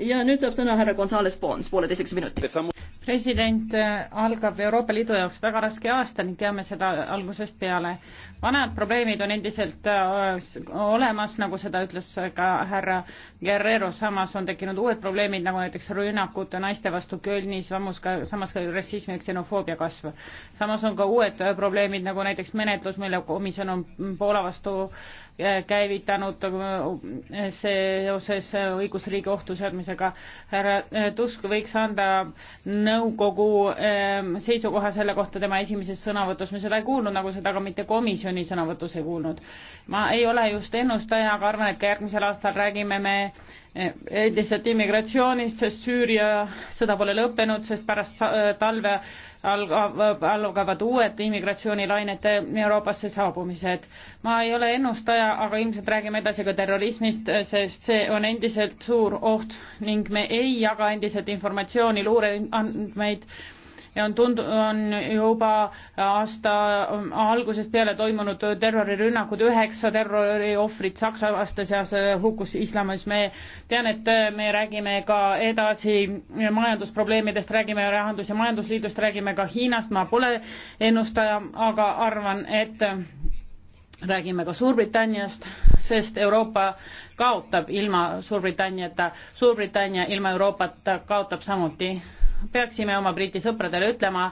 ja nüüd saab sõna härra Gonzales Pons pooleteiseks minutiks. president, äh, algab Euroopa Liidu jaoks väga raske aasta ning teame seda algusest peale. vanad probleemid on endiselt äh, olemas, nagu seda ütles ka härra Guerrero, samas on tekkinud uued probleemid, nagu näiteks rünnakud naiste vastu Kölnis, samas ka, samas ka rassismi ja ksenofoobia kasv. samas on ka uued probleemid, nagu näiteks menetlus, mille komisjon on Poola vastu käivitanud äh, seoses äh, õigusriigi ohtu seadmisega. härra äh, Tusk võiks anda nõukogu ähm, seisukoha selle kohta tema esimeses sõnavõtus, me seda ei kuulnud, nagu seda ka mitte komisjoni sõnavõtus ei kuulnud. ma ei ole just ennustaja, aga arvan, et ka järgmisel aastal räägime me endiselt immigratsioonist, sest Süüria sõda pole lõppenud, sest pärast talve algab, algavad uued immigratsioonilainete eh, Euroopasse saabumised. ma ei ole ennustaja, aga ilmselt räägime edasi ka terrorismist, eh, sest see on endiselt suur oht ning me ei jaga endiselt informatsiooni, luureandmeid ja on tund-, on juba aasta algusest peale toimunud terrorirünnakud, üheksa terroriohvrit sakslaste seas hukkus islamis, me tean, et me räägime ka edasi majandusprobleemidest, räägime Rahandus- ja Majandusliidust, räägime ka Hiinast, ma pole ennustaja, aga arvan, et räägime ka Suurbritanniast, sest Euroopa kaotab ilma Suurbritanniata, Suurbritannia ilma Euroopata kaotab samuti peaksime oma Briti sõpradele ütlema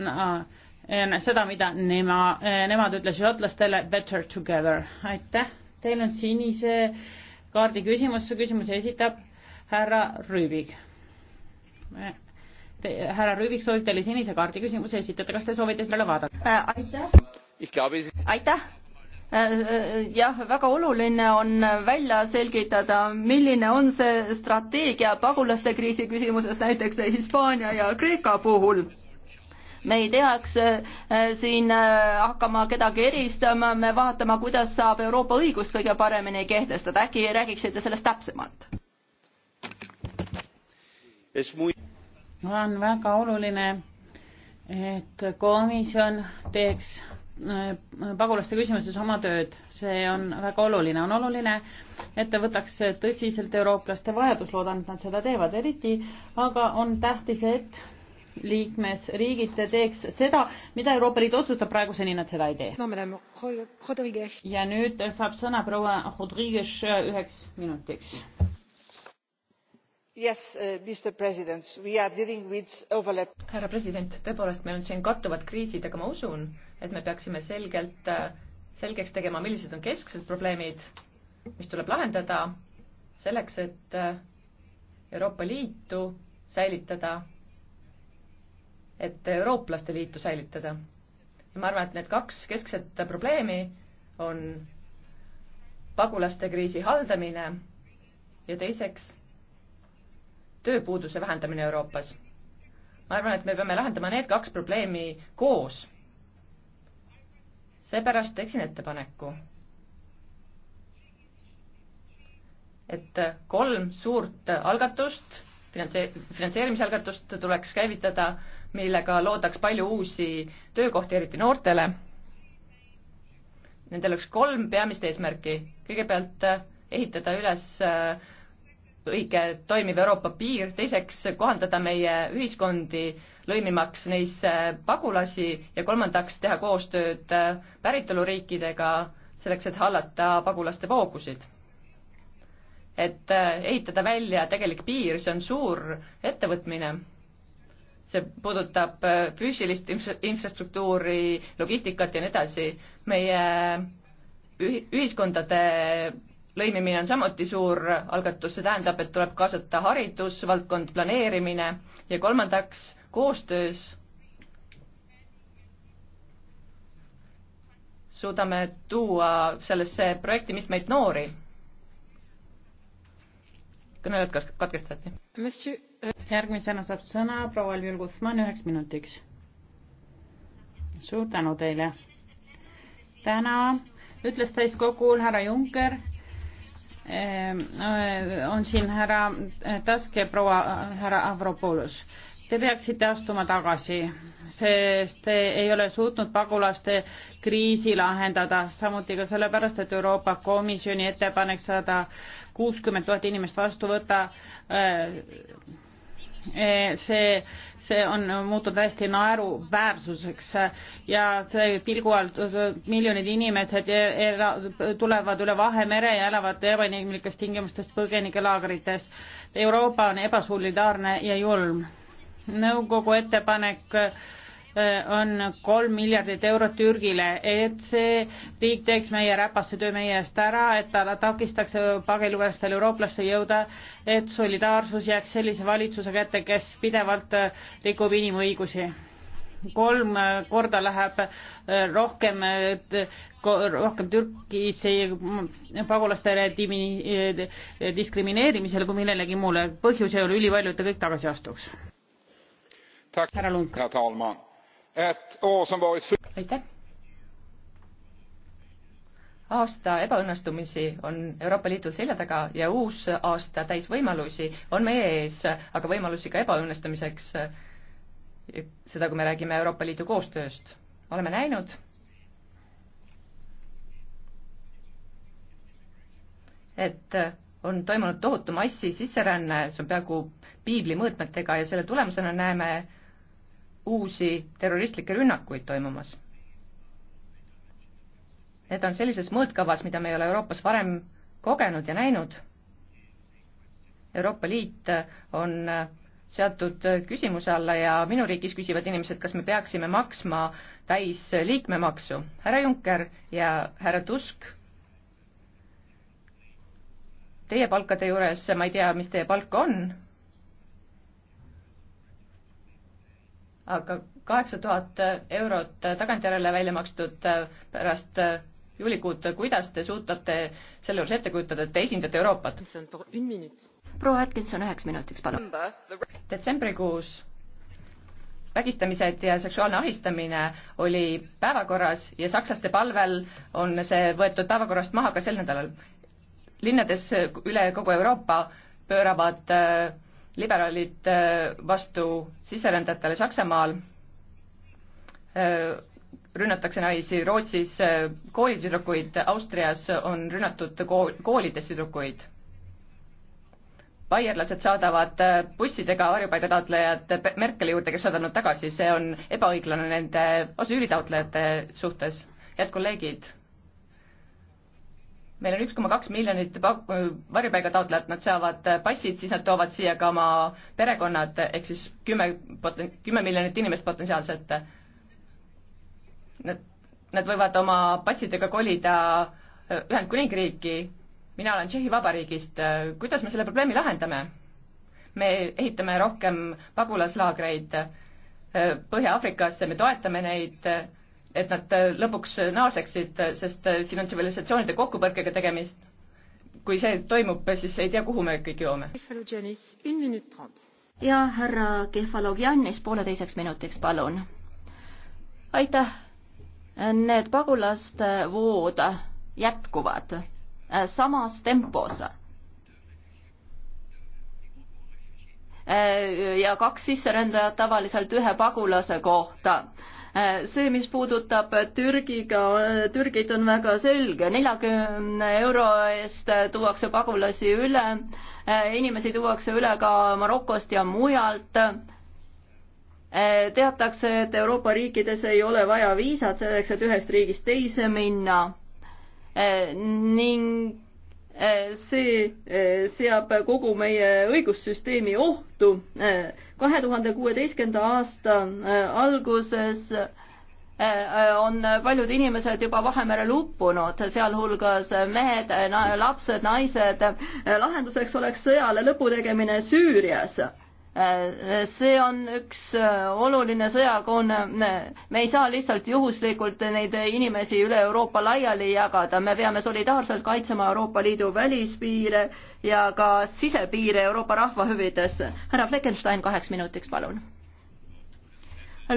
no, eh, seda, mida nema, eh, nemad ütlesid šotlastele, better together. aitäh, teil on sinise kaardi küsimus, küsimuse esitab härra Rüübik. Eh, härra Rüübik soovib teile sinise kaardi küsimuse esitada, kas te soovite sellele vaadata? Äh, aitäh. aitäh Äh, äh, jah, väga oluline on välja selgitada, milline on see strateegia pagulaste kriisi küsimuses näiteks Hispaania ja Kreeka puhul. me ei peaks äh, siin hakkama kedagi eristama, me vaatame, kuidas saab Euroopa õigust kõige paremini kehtestada, äkki räägiksite sellest täpsemalt? on väga oluline, et komisjon teeks Äh, pagulaste küsimuses oma tööd, see on väga oluline, on oluline, et ta võtaks tõsiselt eurooplaste vajadus, loodan, et nad seda teevad eriti, aga on tähtis, et liikmesriigid teeks seda, mida Euroopa Liit otsustab, praeguseni nad seda ei tee no,. ja nüüd saab sõna proua Rodriguez üheks minutiks. Yes, uh, härra president, tõepoolest, meil on siin kattuvad kriisid, aga ma usun, et me peaksime selgelt, selgeks tegema, millised on kesksed probleemid, mis tuleb lahendada selleks, et Euroopa Liitu säilitada, et Eurooplaste Liitu säilitada. ja ma arvan, et need kaks keskset probleemi on pagulaste kriisi haldamine ja teiseks tööpuuduse vähendamine Euroopas. ma arvan, et me peame lahendama need kaks probleemi koos seepärast teeksin ettepaneku, et kolm suurt algatust, finantse-, finantseerimisalgatust tuleks käivitada, millega loodaks palju uusi töökohti, eriti noortele. Nendel oleks kolm peamist eesmärki. kõigepealt ehitada üles õige toimiv Euroopa piir, teiseks kohandada meie ühiskondi äh, lõimimaks neisse pagulasi ja kolmandaks teha koostööd äh, päritoluriikidega selleks, et hallata pagulaste voogusid. et äh, ehitada välja tegelik piir, see on suur ettevõtmine see puudutab äh, füüsilist infrastruktuuri, logistikat ja nii edasi. meie ühiskondade lõimimine on samuti suur algatus, see tähendab, et tuleb kaasata haridusvaldkond, planeerimine ja kolmandaks koostöös suudame tuua sellesse projekti mitmeid noori. kõnelejad kas katkestati? järgmisena saab sõna proua Elvil Guzman üheks minutiks. suur tänu teile. täna ütles täiskogul härra Juncker, eh, eh, on siin härra Task ja proua härra Avropoulos Te peaksite astuma tagasi, sest te ei ole suutnud pagulaste kriisi lahendada, samuti ka sellepärast, et Euroopa Komisjoni ettepanek sada kuuskümmend tuhat inimest vastu võtta äh, äh, see, see on muutunud hästi naeruväärsuseks ja see pilgu all miljonid inimesed äh, ela, tulevad üle Vahemere ja elavad ebainimlikes tingimustes põgenikelaagrites. Euroopa on ebasolidaarne ja julm nõukogu ettepanek äh, on kolm miljardit eurot Türgile, et see riik teeks meie räpase töö meie eest ära, et ta takistaks pagelulastel eurooplasse jõuda, et solidaarsus jääks sellise valitsuse kätte, kes pidevalt äh, rikub inimõigusi. kolm äh, korda läheb rohkem, rohkem Türgis mm, pagulastele diskrimineerimisele kui millelegi muule. põhjus ei ole ülipalju, et ta kõik tagasi astuks härra Lundgren. aitäh. aasta ebaõnnestumisi on Euroopa Liidul selja taga ja uus aasta täis võimalusi on meie ees, aga võimalusi ka ebaõnnestumiseks, seda kui me räägime Euroopa Liidu koostööst. oleme näinud, et on toimunud tohutu massi sisseränne, see on peaaegu piibli mõõtmetega ja selle tulemusena näeme uusi terroristlikke rünnakuid toimumas. Need on sellises mõõtkavas, mida me ei ole Euroopas varem kogenud ja näinud. Euroopa Liit on seatud küsimuse alla ja minu riigis küsivad inimesed, kas me peaksime maksma täis liikmemaksu. härra Juncker ja härra Tusk, teie palkade juures, ma ei tea, mis teie palk on, aga kaheksa tuhat eurot tagantjärele välja makstud äh, pärast äh, juulikuud, kuidas te suutate selle juures ette kujutada, et te esindate Euroopat? proua Atkinson üheks minutiks, palun. detsembrikuus vägistamised ja seksuaalne ahistamine oli päevakorras ja sakslaste palvel on see võetud päevakorrast maha ka sel nädalal. linnades üle kogu Euroopa pööravad äh, liberaalid äh, vastu sisserändajatele Saksamaal, äh, rünnatakse naisi, Rootsis äh, koolitüdrukuid, Austrias on rünnatud kool, koolides tüdrukuid. baierlased saadavad bussidega varjupaigataotlejad Merkeli juurde, kes on tulnud tagasi, see on ebaõiglane nende asüülitaotlejate suhtes. head kolleegid meil on üks koma kaks miljonit pak-, äh, varjupaigataotlejat, nad saavad äh, passid, siis nad toovad siia ka oma perekonnad, ehk siis kümme pot-, kümme miljonit inimest potentsiaalselt. Nad, nad võivad oma passidega kolida äh, Ühendkuningriiki, mina olen Tšehhi Vabariigist, kuidas me selle probleemi lahendame? me ehitame rohkem pagulaslaagreid Põhja-Aafrikasse, me toetame neid, et nad lõpuks naaseksid, sest siin on tsivilisatsioonide kokkupõrkega tegemist. kui see toimub, siis ei tea, kuhu me kõik jõuame. ja härra Kefalogiannis pooleteiseks minutiks, palun. aitäh. Need pagulaste vood jätkuvad samas tempos ja kaks sisserändajat tavaliselt ühe pagulase kohta see, mis puudutab Türgiga, Türgit on väga selge, neljakümne euro eest tuuakse pagulasi üle, inimesi tuuakse üle ka Marokost ja mujalt. teatakse, et Euroopa riikides ei ole vaja viisat selleks, et ühest riigist teise minna ning see seab kogu meie õigussüsteemi ohtu kahe tuhande kuueteistkümnenda aasta äh, alguses äh, äh, on paljud inimesed juba Vahemerel uppunud, sealhulgas mehed, lapsed, naised. lahenduseks oleks sõjale lõpu tegemine Süürias Äh, see on üks äh, oluline sõjakoon, me ei saa lihtsalt juhuslikult neid inimesi üle Euroopa laiali jagada, me peame solidaarselt kaitsema Euroopa Liidu välispiire ja ka sisepiire Euroopa rahva hüvides. härra Fleckenstein kaheks minutiks, palun.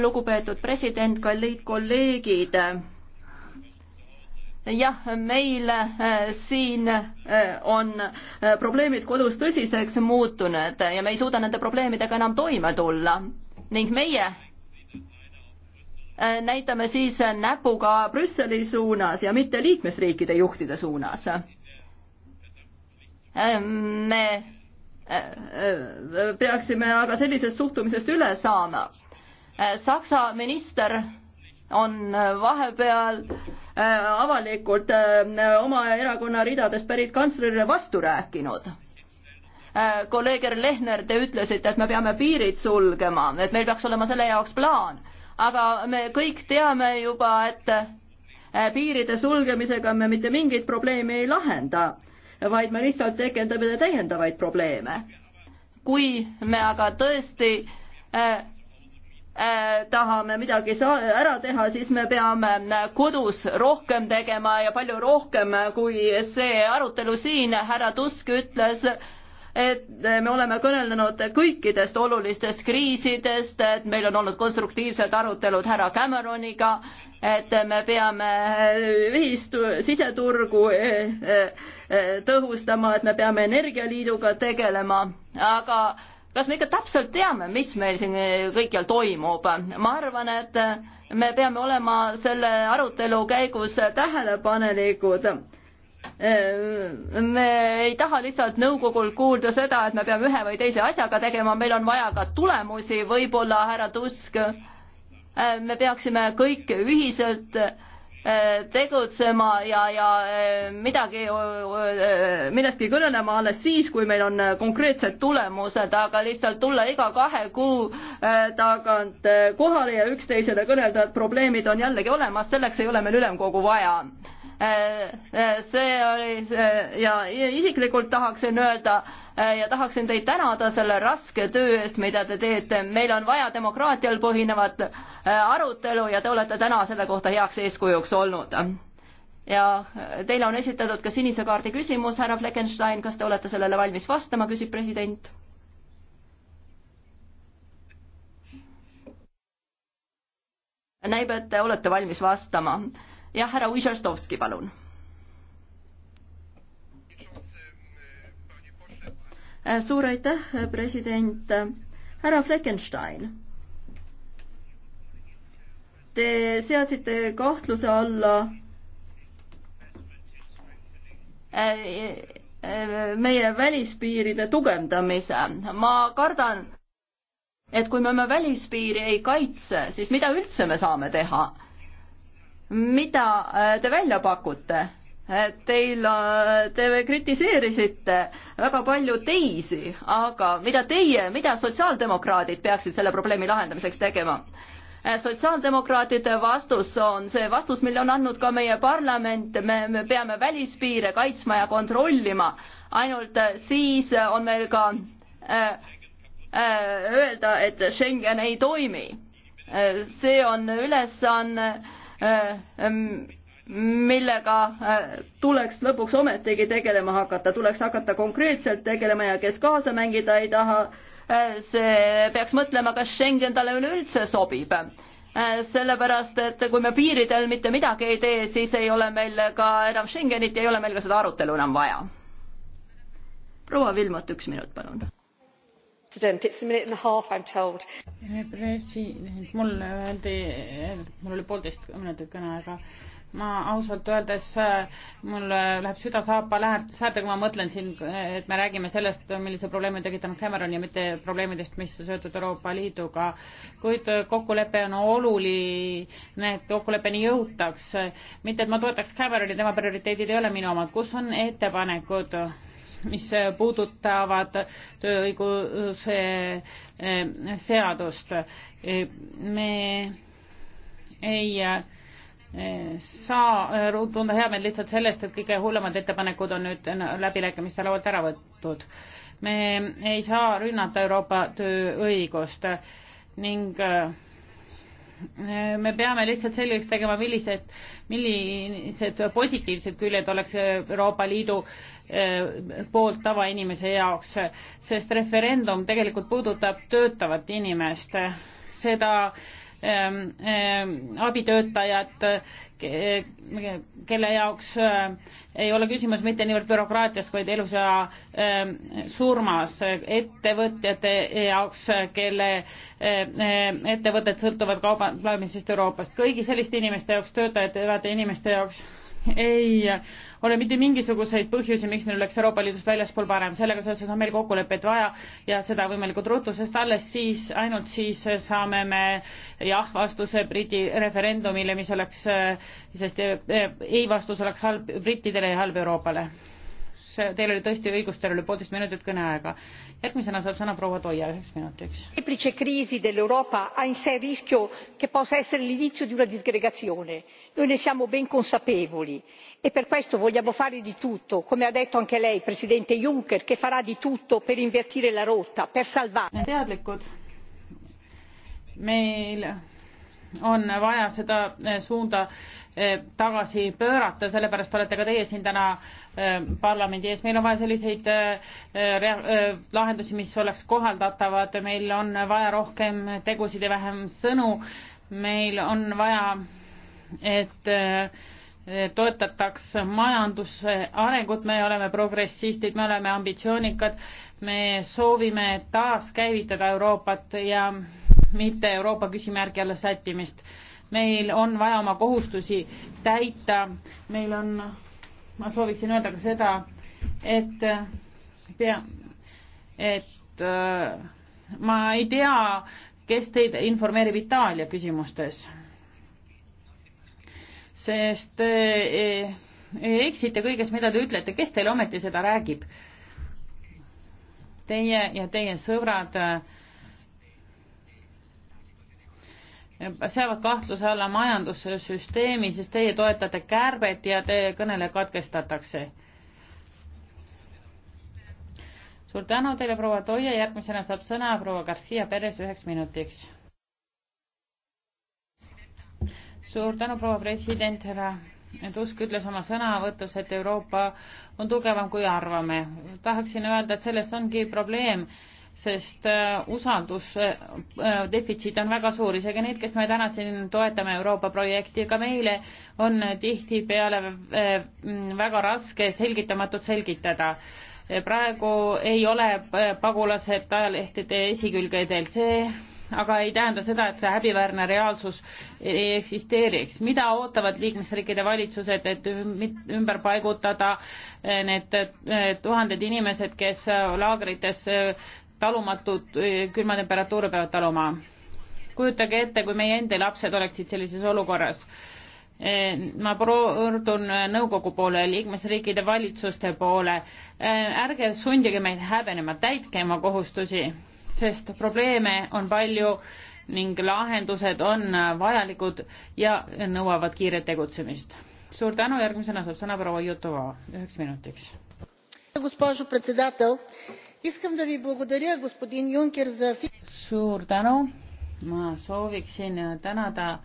lugupeetud president, kallid kolleegid jah, meil äh, siin äh, on äh, probleemid kodus tõsiseks muutunud ja me ei suuda nende probleemidega enam toime tulla ning meie näitame siis näpuga Brüsseli suunas ja mitte liikmesriikide juhtide suunas. me peaksime aga sellisest suhtumisest üle saama. Saksa minister on vahepeal äh, Äh, avalikult äh, oma erakonna ridadest pärit kantslerile vastu rääkinud äh, kolleeg Lehner, te ütlesite, et me peame piirid sulgema, et meil peaks olema selle jaoks plaan, aga me kõik teame juba, et piiride sulgemisega me mitte mingeid probleeme ei lahenda, vaid me lihtsalt tekendame täiendavaid probleeme. kui me aga tõesti Äh, tahame midagi ära teha, siis me peame äh, kodus rohkem tegema ja palju rohkem äh, kui see arutelu siin. härra Tusk ütles, et me oleme kõnelenud kõikidest olulistest kriisidest, et meil on olnud konstruktiivsed arutelud härra Cameroniga, et me peame ühistu, siseturgu tõhustama, et me peame energialiiduga tegelema, aga kas me ikka täpselt teame, mis meil siin eh, kõikjal toimub? ma arvan, et eh, me peame olema selle arutelu käigus tähelepanelikud eh, me ei taha lihtsalt nõukogul kuulda seda, et me peame ühe või teise asjaga tegema, meil on vaja ka tulemusi, võib-olla härra Tusk, me peaksime kõik ühiselt Äh, tegutsema ja, ja äh, midagi, äh, millestki kõnelema alles siis, kui meil on konkreetsed tulemused, aga lihtsalt tulla iga kahe kuu tagant kohale ja üksteisele kõnelda, et probleemid on jällegi olemas, selleks ei ole meil ülemkogu vaja Äh, äh, see oli äh, ja isiklikult tahaksin öelda ja tahaksin teid tänada selle raske töö eest, mida te teete. meil on vaja demokraatial põhinevat arutelu ja te olete täna selle kohta heaks eeskujuks olnud. ja teile on esitatud ka sinise kaardi küsimus, härra Fleckenstein, kas te olete sellele valmis vastama, küsib president näib, et te olete valmis vastama jah, härra Ušastovski, palun. suur aitäh, president. härra Fleckenstein, te seadsite kahtluse alla meie välispiiride tugevdamise. ma kardan, et kui me oma välispiiri ei kaitse, siis mida üldse me saame teha mida äh, te välja pakute? Äh, teil, äh, te kritiseerisite väga palju teisi, aga mida teie, mida sotsiaaldemokraadid peaksid selle probleemi lahendamiseks tegema? sotsiaaldemokraatide vastus on see vastus, mille on andnud ka meie parlament, me, me peame välispiire kaitsma ja kontrollima, ainult siis on meil ka äh, äh, öelda, et Schengen ei toimi. see on ülesanne äh, Äh, millega äh, tuleks lõpuks ometigi tegelema hakata, tuleks hakata konkreetselt tegelema ja kes kaasa mängida ei taha, äh, see peaks mõtlema, kas Schengen talle üleüldse sobib. sellepärast, et kui me piiridel mitte midagi ei tee, siis ei ole meil ka enam Schengenit ja ei ole meil ka seda arutelu enam vaja. proua Vilmot, üks minut, palun president mulle öeldi mul oli poolteist minutit kõneaega ma ausalt öeldes mul läheb süda saapa säärde kui ma mõtlen siin et me räägime sellest millise probleemi on tekitanud cameron ja mitte probleemidest mis on seotud euroopa liiduga kuid kokkulepe on oluline et kokkuleppeni jõutaks mitte et ma toetaks cameroni tema prioriteedid ei ole minu omad kus on ettepanekud mis puudutavad tööõiguse eh, seadust. me ei eh, saa tunda heameelt lihtsalt sellest, et kõige hullemad ettepanekud on nüüd läbirääkimiste laualt ära võetud. me ei saa rünnata Euroopa tööõigust ning eh, me peame lihtsalt selgeks tegema, millised, millised positiivsed küljed oleks Euroopa Liidu eh, poolt tavainimese jaoks, sest referendum tegelikult puudutab töötavat inimest, seda Ähm, ähm, abitöötajad, kelle jaoks äh, ei ole küsimus mitte niivõrd bürokraatias, vaid elus ja ähm, surmas. ettevõtjate jaoks, kelle äh, äh, ettevõtted sõltuvad kaubandusest Euroopast. kõigi selliste inimeste jaoks, töötajate inimeste jaoks ei ole mitte mingisuguseid põhjusi, miks neil oleks Euroopa Liidust väljaspool parem, sellega seoses on meil kokkulepet vaja ja seda võimalikult ruttu, sest alles siis, ainult siis saame me jah vastuse Briti referendumile, mis oleks, sest eh, ei vastus oleks halb brittidele ja halb Euroopale. see, teil oli tõesti õigus, teil oli poolteist minutit kõneaega. järgmisena saab sõna proua Toia üheks minutiks. semplice crisi dell'Europa ha in sé rischio che possa essere l'inizio di una disgregazione noi ne siamo ben consapevoli e per questo vogliamo fare di tutto come ha detto anche lei presidente juncker che farà di tutto per invertire la rotta per salvare. teadlikud meil on vaja seda eh, suunda eh, tagasi pöörata sellepärast olete ka teie siin täna eh, parlamendi ees meil on vaja selliseid lahendusi mis oleks kohaldatavad meil on vaja rohkem tegusid ja vähem sõnu meil on vaja et eh, toetataks majanduse arengut, me oleme progressistid, me oleme ambitsioonikad, me soovime taaskäivitada Euroopat ja mitte Euroopa küsimärgi alla sättimist. meil on vaja oma kohustusi täita, meil on, ma sooviksin öelda ka seda, et eh, pea, et eh, ma ei tea, kes teid informeerib Itaalia küsimustes sest te eh, eh, eh, eksite kõiges, mida te ütlete, kes teile ometi seda räägib? Teie ja teie sõbrad seavad kahtluse alla majandussüsteemi, sest teie toetate kärbet ja teie kõnele katkestatakse. suur tänu teile, proua Toie, järgmisena saab sõna proua Garcia Perez üheks minutiks suur tänu, proua president, härra Tusk ütles oma sõnavõtus, et Euroopa on tugevam, kui arvame. tahaksin öelda, et selles ongi probleem, sest äh, usaldusdefitsiit äh, äh, on väga suur, isegi need, kes me täna siin toetame Euroopa projekti, ka meile on tihtipeale väga raske selgitamatut selgitada praegu ei ole pagulased ajalehtede esikülgedel, see aga ei tähenda seda, et see häbiväärne reaalsus ei eksisteeriks. mida ootavad liikmesriikide valitsused, et ümber paigutada eh, need eh, tuhanded inimesed, kes eh, laagrites talumatud külma temperatuuri peavad taluma? kujutage ette, kui meie endi lapsed oleksid sellises olukorras. ma pöördun nõukogu poole, liikmesriikide valitsuste poole. ärge sundige meid häbenema, täitke oma kohustusi sest probleeme on palju ning lahendused on vajalikud ja nõuavad kiiret tegutsemist. suur tänu, järgmisena saab sõna proua Jutova üheks minutiks. suur tänu, ma sooviksin tänada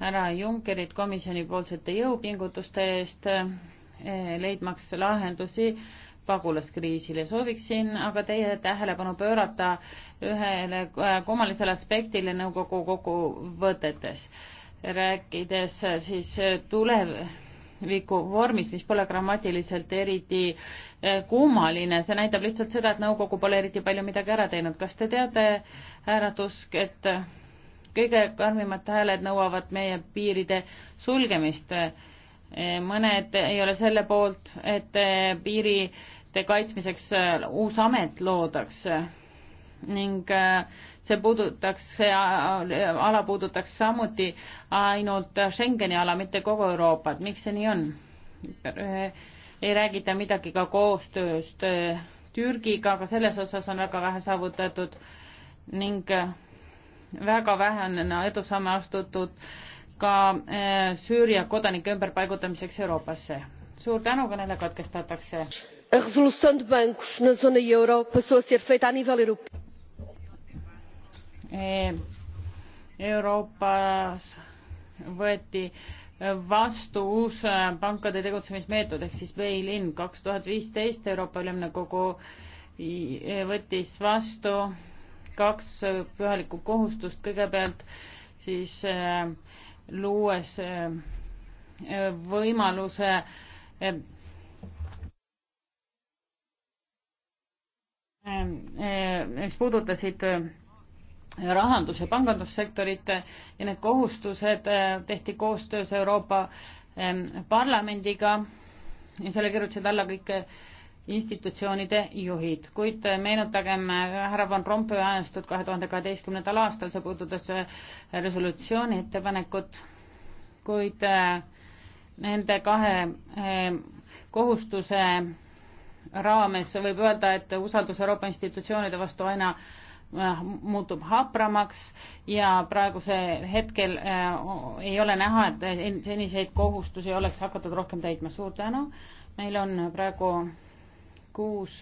härra Junckerit komisjonipoolsete jõupingutuste eest, eh, leidmaks lahendusi pagulaskriisile. sooviksin aga teie tähelepanu pöörata ühele äh, kummalisele aspektile nõukogu kokkuvõtetes, rääkides äh, siis äh, tuleviku vormis, mis pole grammatiliselt eriti kummaline, see näitab lihtsalt seda, et nõukogu pole eriti palju midagi ära teinud. kas te teate, härra Tusk, et kõige karmimad hääled nõuavad meie piiride sulgemist? Eh, mõned ei ole selle poolt, et eh, piiride kaitsmiseks eh, uus amet loodakse ning see puudutaks, see ala puudutaks samuti ainult Schengeni ala, mitte kogu Euroopat, miks see nii on? ei räägita midagi ka koostööst Türgiga, aga selles osas on väga vähe saavutatud ning väga vähe on edusamme astutud äh, ka eh, Süüria kodanike ümberpaigutamiseks Euroopasse. suur tänu, kõnele katkestatakse. Eh, Euroopas võeti vastu uus eh, pankade tegutsemismeetod ehk siis bail-in kaks tuhat viisteist Euroopa Ülemnõukogu võttis vastu kaks pühalikku kohustust kõigepealt siis äh, luues äh, äh, võimaluse äh, mis puudutasid rahandus- ja pangandussektorit ja need kohustused tehti koostöös Euroopa ähm, Parlamendiga ja selle kirjutasid alla kõik institutsioonide juhid, kuid meenutagem härra Van Rompuy ajastut kahe tuhande kaheteistkümnendal aastal, see puudutas äh, resolutsiooni ettepanekut, kuid äh, nende kahe äh, kohustuse raames võib öelda, et usaldus Euroopa institutsioonide vastu aina muutub hapramaks ja praeguse hetkel ei ole näha, et seniseid kohustusi oleks hakatud rohkem täitma. suur tänu, meil on praegu kuus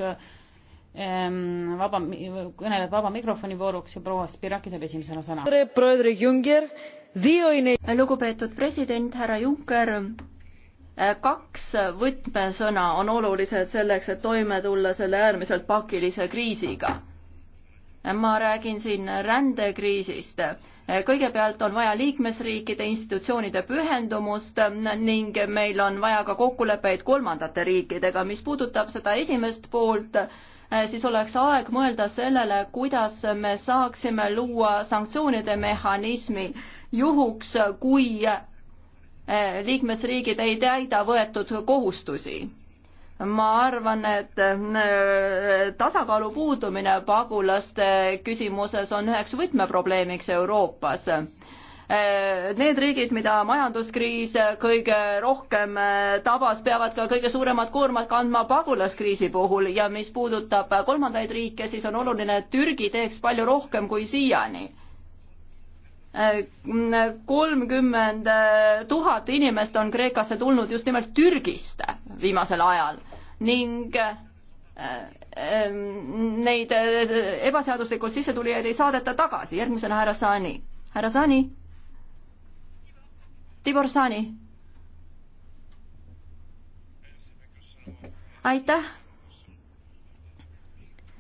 ähm, vaba, kõneleb vaba mikrofoni vooruks ja proua Spiraki saab esimesena sõna. lugupeetud president, härra Juncker, äh, kaks võtmesõna on olulised selleks, et toime tulla selle äärmiselt pakilise kriisiga ma räägin siin rändekriisist. kõigepealt on vaja liikmesriikide institutsioonide pühendumust ning meil on vaja ka kokkuleppeid kolmandate riikidega. mis puudutab seda esimest poolt, siis oleks aeg mõelda sellele, kuidas me saaksime luua sanktsioonide mehhanismi juhuks, kui liikmesriigid ei täida võetud kohustusi ma arvan, et äh, tasakaalu puudumine pagulaste küsimuses on üheks võtmeprobleemiks Euroopas. Äh, need riigid, mida majanduskriis kõige rohkem äh, tabas, peavad ka kõige suuremad koormad kandma pagulaskriisi puhul ja mis puudutab kolmandaid riike, siis on oluline, et Türgi teeks palju rohkem kui siiani kolmkümmend tuhat inimest on Kreekasse tulnud just nimelt Türgist viimasel ajal ning äh, ähm, neid äh, ebaseaduslikult sissetulijaid ei saadeta tagasi. järgmisena härra Saani. härra Saani? Tibor Saani? aitäh!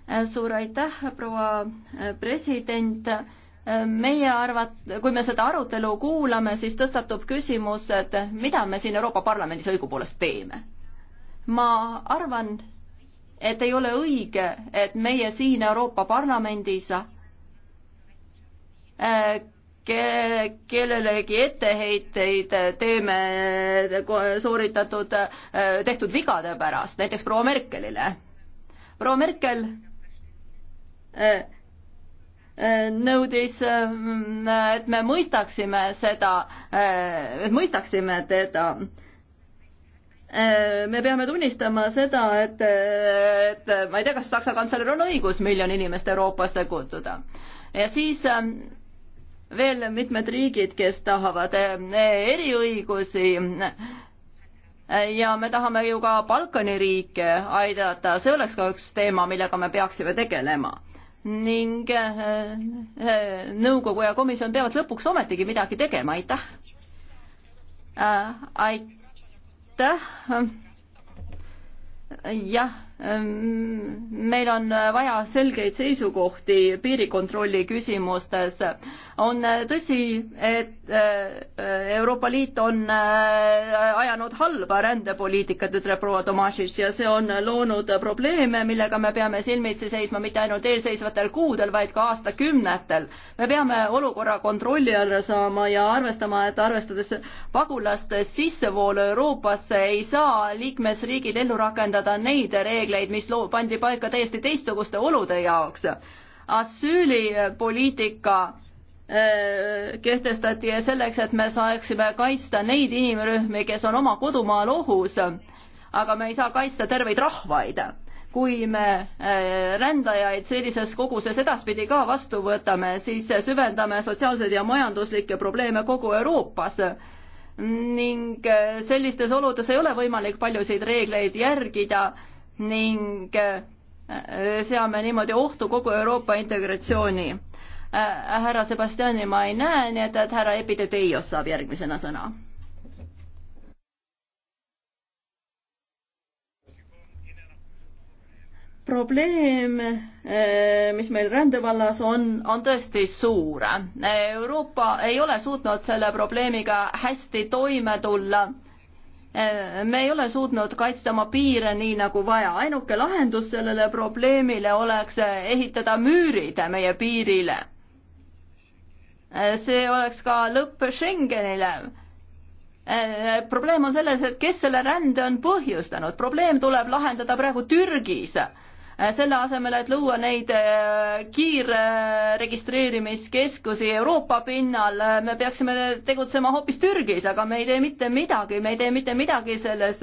Äh, suur aitäh, proua president! meie arvat-, kui me seda arutelu kuulame, siis tõstatub küsimus, et mida me siin Euroopa Parlamendis õigupoolest teeme ma arvan, et ei ole õige, et meie siin Euroopa Parlamendis äh, ke-, kellelegi etteheiteid teeme sooritatud, äh, tehtud vigade pärast, näiteks proua Merkelile. proua Merkel äh, nõudis, et me mõistaksime seda, et mõistaksime teda Äh, me peame tunnistama seda, et, et ma ei tea, kas Saksa kantsler on õigus miljon inimest Euroopasse kutsuda. ja siis ähm, veel mitmed riigid, kes tahavad äh, eriõigusi äh, ja me tahame ju ka Balkani riike aidata, see oleks ka üks teema, millega me peaksime tegelema. ning nõukogu ja komisjon peavad lõpuks ometigi midagi tegema, aitäh. aitäh aitäh. jah Ehm, meil on vaja selgeid seisukohti piirikontrolli küsimustes. on äh, tõsi, et äh, Euroopa Liit on äh, ajanud halba rändepoliitikat, ütleb proua Tomašis ja see on loonud probleeme, millega me peame silmitsi seisma mitte ainult eelseisvatel kuudel, vaid ka aastakümnetel. me peame olukorra kontrolli alla saama ja arvestama, et arvestades pagulaste sissevoolu Euroopasse, ei saa liikmesriigid ellu rakendada neid reegleid, reegleid, mis loo-, pandi paika täiesti teistsuguste olude jaoks. asüülipoliitika äh, kehtestati selleks, et me saaksime kaitsta neid inimrühmi, kes on oma kodumaal ohus, aga me ei saa kaitsta terveid rahvaid. kui me äh, rändajaid sellises koguses edaspidi ka vastu võtame, siis süvendame sotsiaalseid ja majanduslikke probleeme kogu Euroopas ning äh, sellistes oludes ei ole võimalik paljusid reegleid järgida ning äh, seame niimoodi ohtu kogu Euroopa integratsiooni. Äh, härra Sebastiani ma ei näe, nii et, et härra Epideteios saab järgmisena sõna. probleem, äh, mis meil rändevallas on, on tõesti suur. Euroopa ei ole suutnud selle probleemiga hästi toime tulla Eh, me ei ole suutnud kaitsta oma piire nii nagu vaja, ainuke lahendus sellele probleemile oleks eh, ehitada müürid meie piirile. Eh, see oleks ka lõpp Schengenile. probleem on selles, et kes selle rände on põhjustanud, probleem tuleb lahendada praegu Türgis Äh, selle asemel, et luua neid äh, kiirregistreerimiskeskusi Euroopa pinnal, äh, me peaksime tegutsema hoopis Türgis, aga me ei tee mitte midagi, me ei tee mitte midagi selles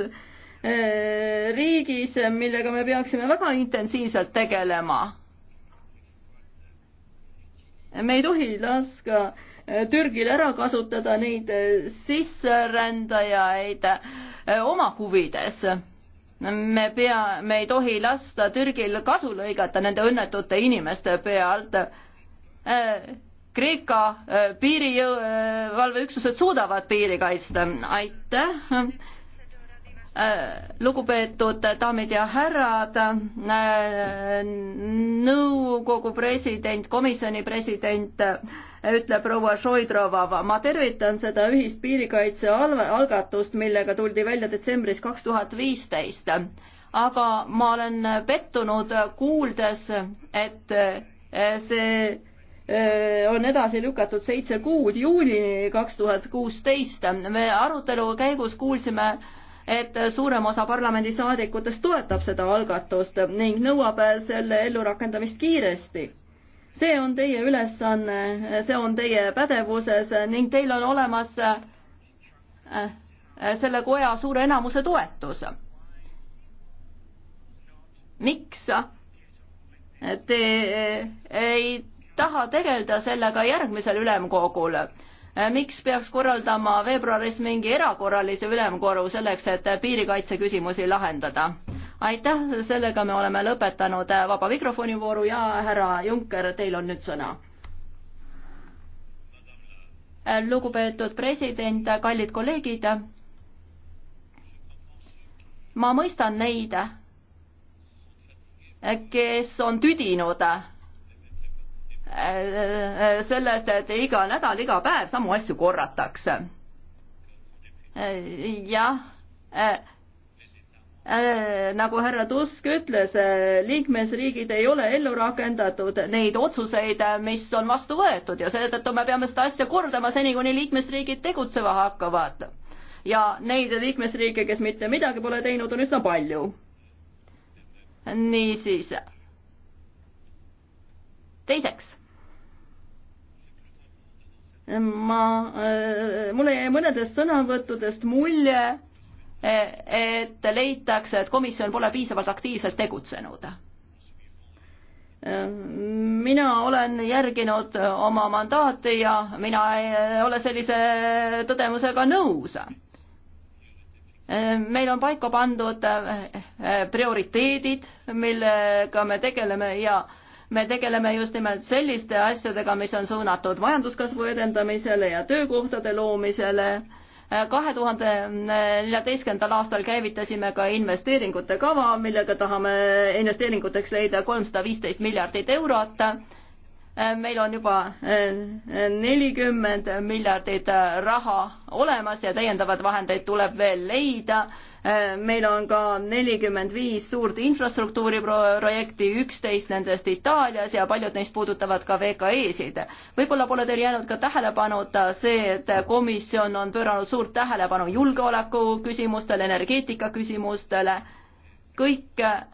riigis, millega me peaksime väga intensiivselt tegelema. me ei tohi laska Türgil ära kasutada neid sisserändajaid oma huvides me pea, me ei tohi lasta Türgil kasu lõigata nende õnnetute inimeste pealt. Äh, Kreeka äh, piirivalveüksused suudavad piiri kaitsta, aitäh. Äh, lugupeetud daamid ja härrad, nõukogu president, komisjoni president ütleb proua Šoidrova. ma tervitan seda ühist piirikaitse algatust, millega tuldi välja detsembris kaks tuhat viisteist. aga ma olen pettunud, kuuldes, et eh, see eh, on edasi lükatud seitse kuud, juunini kaks tuhat kuusteist. me arutelu käigus kuulsime et suurem osa parlamendisaadikutest toetab seda algatust ning nõuab selle ellurakendamist kiiresti see on teie ülesanne, see on teie pädevuses ning teil on olemas äh, selle koja suure enamuse toetus. miks te äh, ei taha tegeleda sellega järgmisel ülemkogul? Äh, miks peaks korraldama veebruaris mingi erakorralise ülemkoru selleks, et piirikaitse küsimusi lahendada? aitäh, sellega me oleme lõpetanud äh, vaba mikrofoni vooru ja äh, härra Juncker, teil on nüüd sõna. Äh, lugupeetud president, kallid kolleegid. ma mõistan neid, kes on tüdinud sellest, et iga nädal, iga päev samu asju korratakse. jah Äh, nagu härra Tusk ütles, äh, liikmesriigid ei ole ellu rakendatud neid otsuseid, äh, mis on vastu võetud ja seetõttu me peame seda asja kordama seni, kuni liikmesriigid tegutsema hakkavad. ja neid liikmesriike, kes mitte midagi pole teinud, on üsna palju. niisiis. teiseks ma, mulle jäi mõnedest sõnavõttudest mulje, et leitakse, et komisjon pole piisavalt aktiivselt tegutsenud. mina olen järginud oma mandaati ja mina ei ole sellise tõdemusega nõus meil on paika pandud prioriteedid, millega me tegeleme ja me tegeleme just nimelt selliste asjadega, mis on suunatud majanduskasvu edendamisele ja töökohtade loomisele kahe tuhande neljateistkümnendal aastal käivitasime ka investeeringute kava, millega tahame investeeringuteks leida kolmsada viisteist miljardit eurot. meil on juba eh, nelikümmend miljardit raha olemas ja täiendavaid vahendeid tuleb veel leida meil on ka nelikümmend viis suurt infrastruktuuriprojekti, üksteist nendest Itaalias ja paljud neist puudutavad ka VKE-sid. võib-olla pole teil jäänud ka tähelepanuta see, et komisjon on pööranud suurt tähelepanu julgeoleku küsimustele, energeetika küsimustele, kõik äh,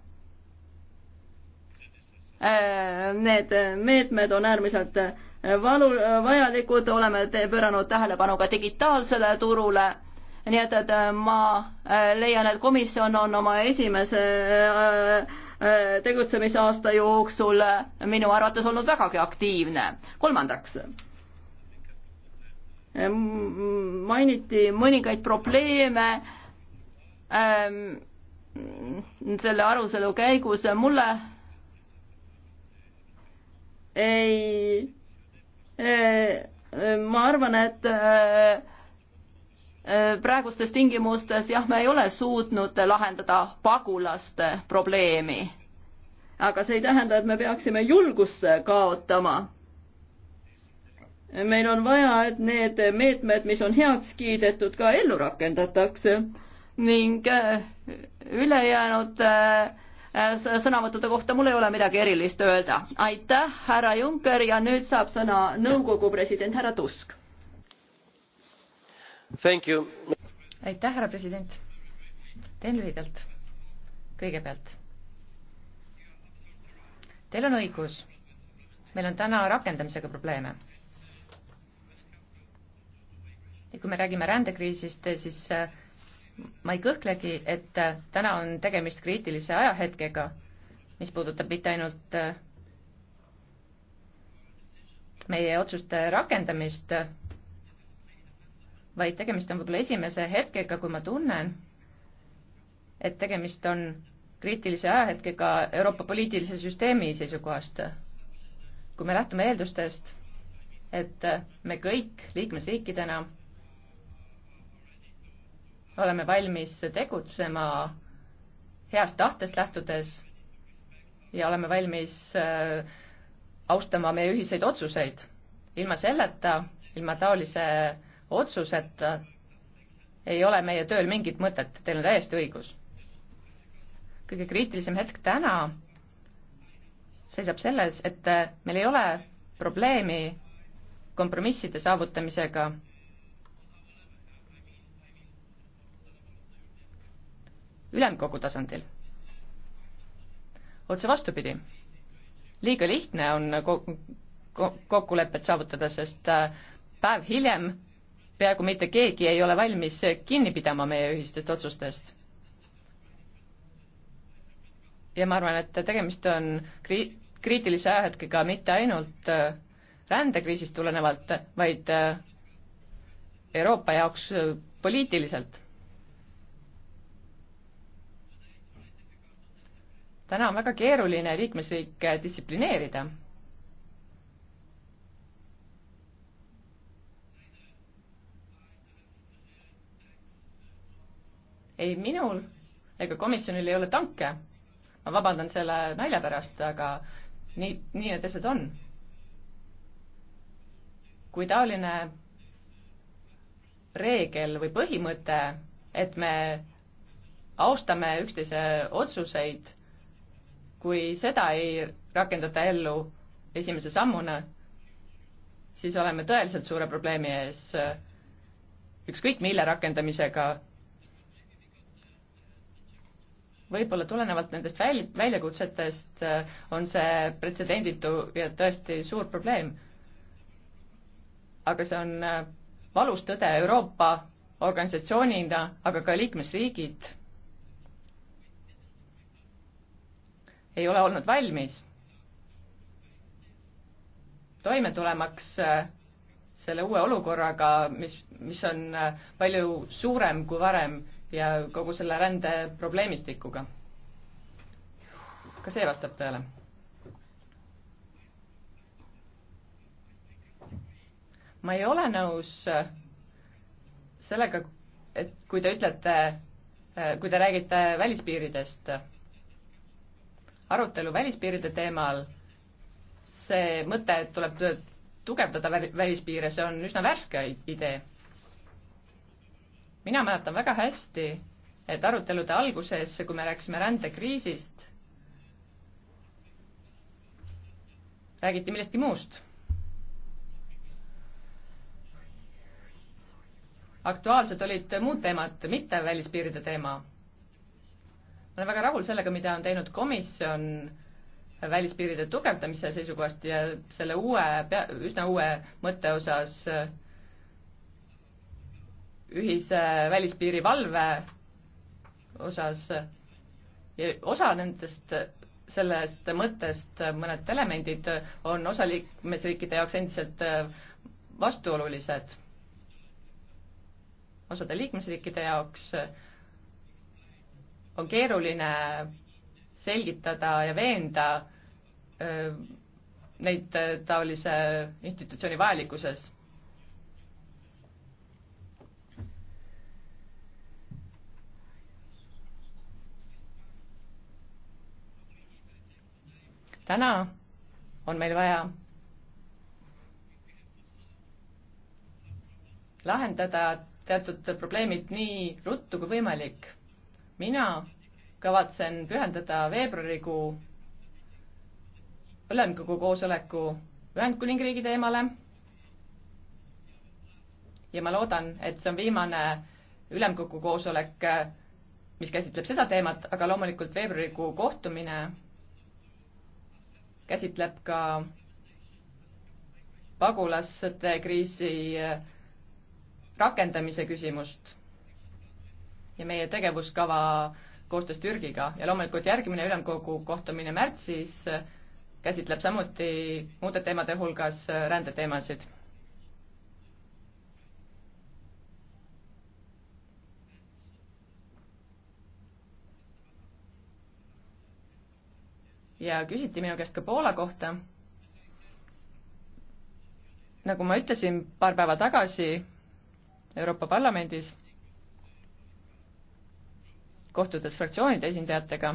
need meetmed on äärmiselt valu, vajalikud, oleme pööranud tähelepanu ka digitaalsele turule nii et, et äh, ma äh, leian, et komisjon on oma esimese äh, tegutsemisaasta jooksul minu arvates olnud vägagi aktiivne. kolmandaks, mainiti mõningaid probleeme ähm, selle aruselu käigus, mulle ei, ma arvan, et Äh, praegustes tingimustes jah, me ei ole suutnud lahendada pagulaste probleemi. aga see ei tähenda, et me peaksime julgust kaotama. meil on vaja, et need meetmed, mis on heaks kiidetud, ka ellu rakendatakse ning äh, ülejäänud äh, sõnavõttude kohta mul ei ole midagi erilist öelda. aitäh, härra Juncker ja nüüd saab sõna nõukogu president härra Tusk aitäh, härra president. teen lühidalt. kõigepealt. Teil on õigus. meil on täna rakendamisega probleeme. ja kui me räägime rändekriisist, siis äh, ma ei kõhklegi, et äh, täna on tegemist kriitilise ajahetkega, mis puudutab mitte ainult äh, meie otsuste rakendamist, vaid tegemist on võib-olla esimese hetkega, kui ma tunnen, et tegemist on kriitilise ajahetkega Euroopa poliitilise süsteemi seisukohast. kui me lähtume eeldustest, et me kõik liikmesriikidena oleme valmis tegutsema heast tahtest lähtudes ja oleme valmis äh, austama meie ühiseid otsuseid. ilma selleta, ilma taolise otsuseta äh, ei ole meie tööl mingit mõtet, teil on täiesti õigus. kõige kriitilisem hetk täna seisab selles, et äh, meil ei ole probleemi kompromisside saavutamisega ülemkogu tasandil. otse vastupidi, liiga lihtne on kokkulepet saavutada, sest äh, päev hiljem peaaegu mitte keegi ei ole valmis kinni pidama meie ühistest otsustest. ja ma arvan, et tegemist on kri-, kriitilise ajahetkega mitte ainult äh, rändekriisist tulenevalt, vaid äh, Euroopa jaoks äh, poliitiliselt. täna on väga keeruline liikmesriike distsiplineerida ei minul ega komisjonil ei ole tanke. ma vabandan selle nalja pärast, aga nii, nii need asjad on. kui taoline reegel või põhimõte, et me austame üksteise otsuseid, kui seda ei rakendata ellu esimese sammuna, siis oleme tõeliselt suure probleemi ees ükskõik mille rakendamisega võib-olla tulenevalt nendest väl-, väljakutsetest äh, on see pretsedenditu ja tõesti suur probleem. aga see on äh, valus tõde Euroopa organisatsioonina, aga ka liikmesriigid ei ole olnud valmis toime tulemaks äh, selle uue olukorraga, mis, mis on palju suurem kui varem ja kogu selle rändeprobleemistikuga. kas see vastab tõele? ma ei ole nõus äh, sellega, et kui te ütlete, äh, kui te räägite välispiiridest, arutelu välispiiride teemal, see mõte, et tuleb tugevdada välispiire, see on üsna värske idee mina mäletan väga hästi, et arutelude alguses, kui me rääkisime rändekriisist, räägiti millestki muust. aktuaalsed olid muud teemad, mitte välispiiride teema. ma olen väga rahul sellega, mida on teinud komisjon välispiiride tugevdamise seisukohast ja selle uue, üsna uue mõtte osas äh, ühise välispiiri valve osas. osa nendest, sellest mõttest, mõned elemendid on osa liikmesriikide jaoks endiselt vastuolulised. osade liikmesriikide jaoks on keeruline selgitada ja veenda äh, neid äh, taolise institutsiooni vajalikkuses täna on meil vaja lahendada teatud probleemid nii ruttu kui võimalik. mina kavatsen pühendada veebruarikuu ülemkogu koosoleku Ühendkuningriigi teemale. ja ma loodan, et see on viimane ülemkogu koosolek, mis käsitleb seda teemat, aga loomulikult veebruarikuu kohtumine käsitleb ka pagulaste kriisi äh, rakendamise küsimust ja meie tegevuskava koostöös Türgiga ja loomulikult järgmine ülemkogu kohtumine märtsis äh, käsitleb samuti muude teemade hulgas äh, rändeteemasid ja küsiti minu käest ka Poola kohta. nagu ma ütlesin paar päeva tagasi Euroopa Parlamendis, kohtudes fraktsioonide esindajatega,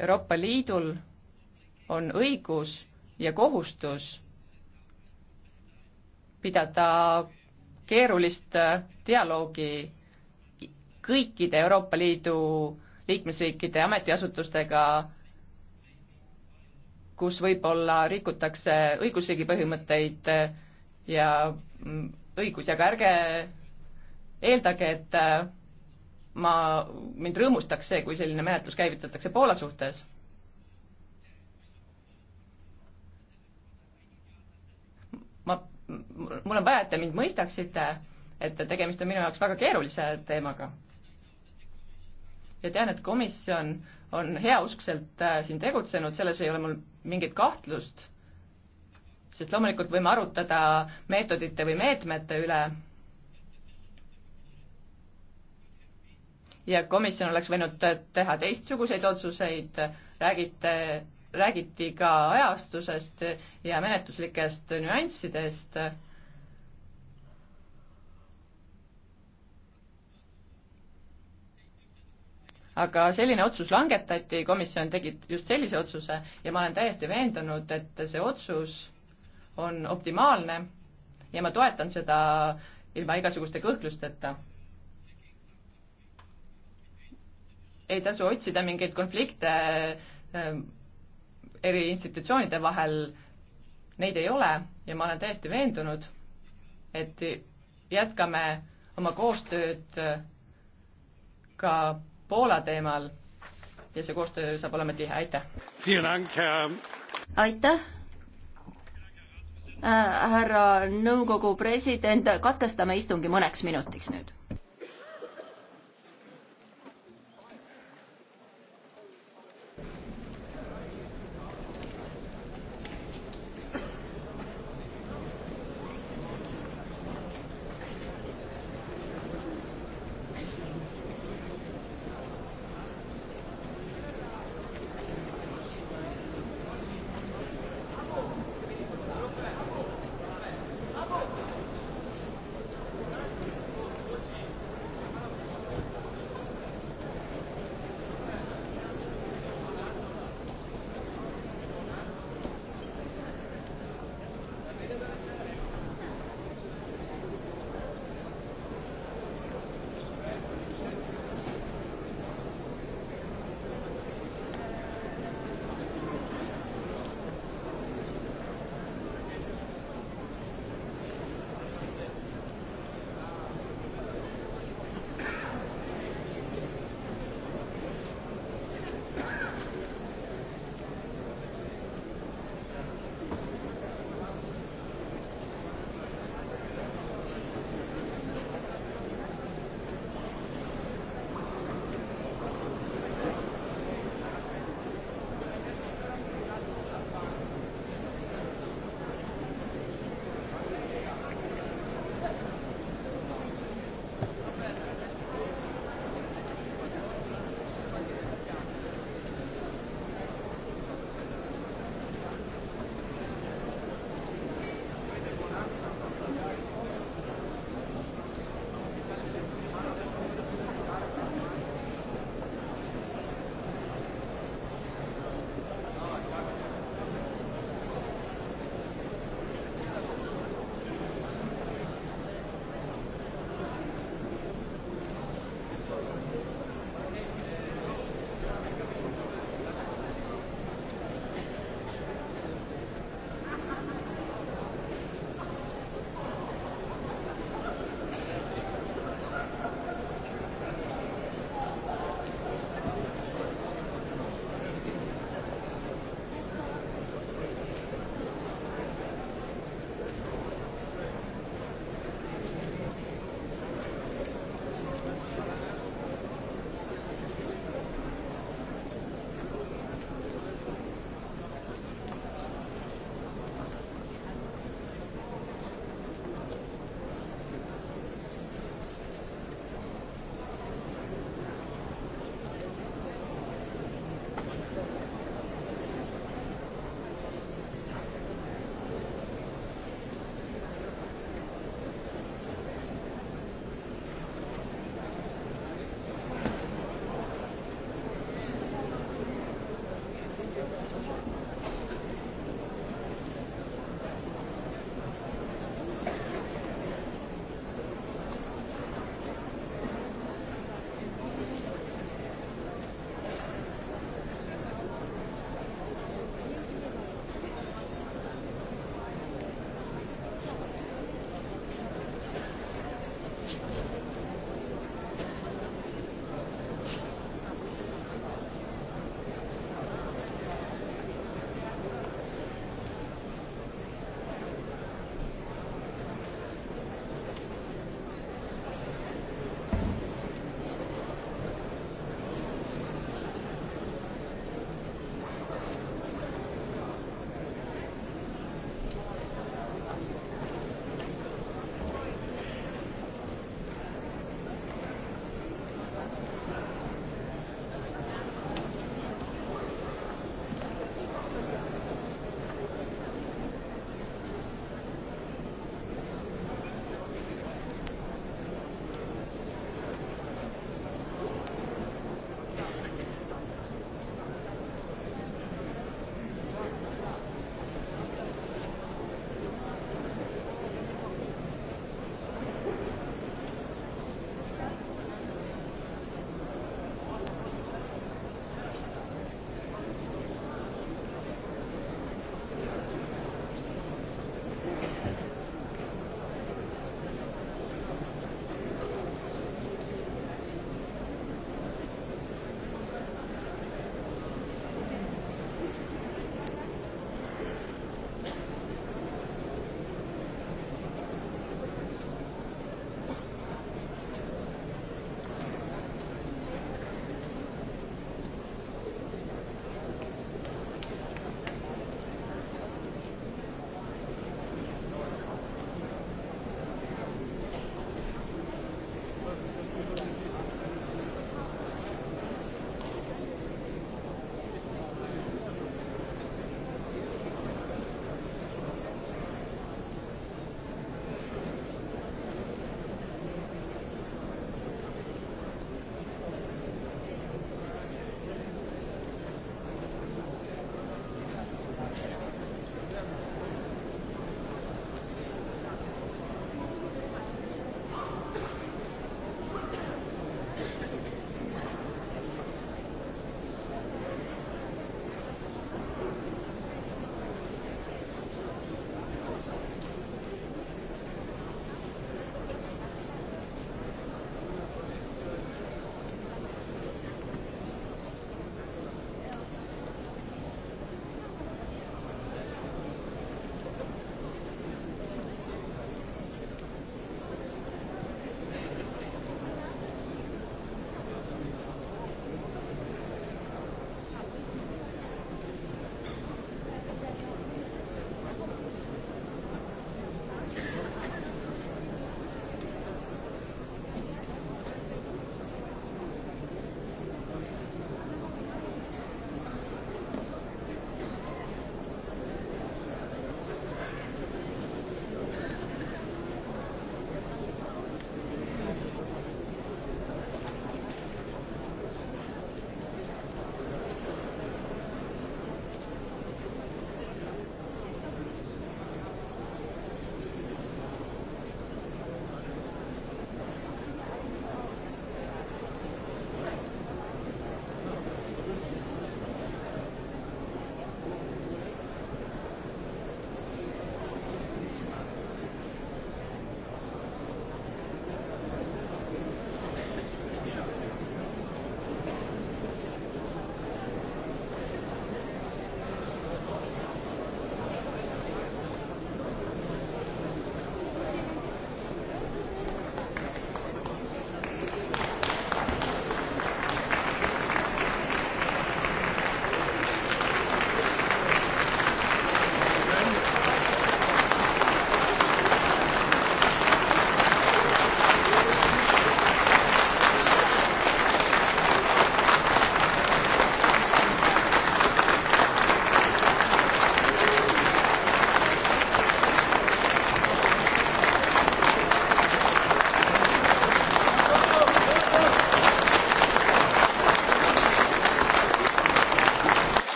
Euroopa Liidul on õigus ja kohustus pidada keerulist dialoogi kõikide Euroopa Liidu liikmesriikide ametiasutustega, kus võib-olla rikutakse õigusriigi põhimõtteid eh, ja mm, õigusi, aga ärge eeldage, et eh, ma, mind rõõmustaks see, kui selline menetlus käivitatakse Poola suhtes. ma, mul on vaja, et te mind mõistaksite, et tegemist on minu jaoks väga keerulise teemaga ja tean, et komisjon on heauskselt äh, siin tegutsenud, selles ei ole mul mingit kahtlust, sest loomulikult võime arutada meetodite või meetmete üle, ja komisjon oleks võinud äh, teha teistsuguseid otsuseid, räägite, räägiti ka ajastusest ja menetluslikest nüanssidest aga selline otsus langetati, komisjon tegi just sellise otsuse ja ma olen täiesti veendunud, et see otsus on optimaalne ja ma toetan seda ilma igasuguste kõhklusteta. ei tasu otsida mingeid konflikte ähm, eri institutsioonide vahel, neid ei ole ja ma olen täiesti veendunud, et jätkame oma koostööd äh, ka Poola teemal ja see koostöö saab olema tihe, aitäh! aitäh! Äh, härra nõukogu president, katkestame istungi mõneks minutiks nüüd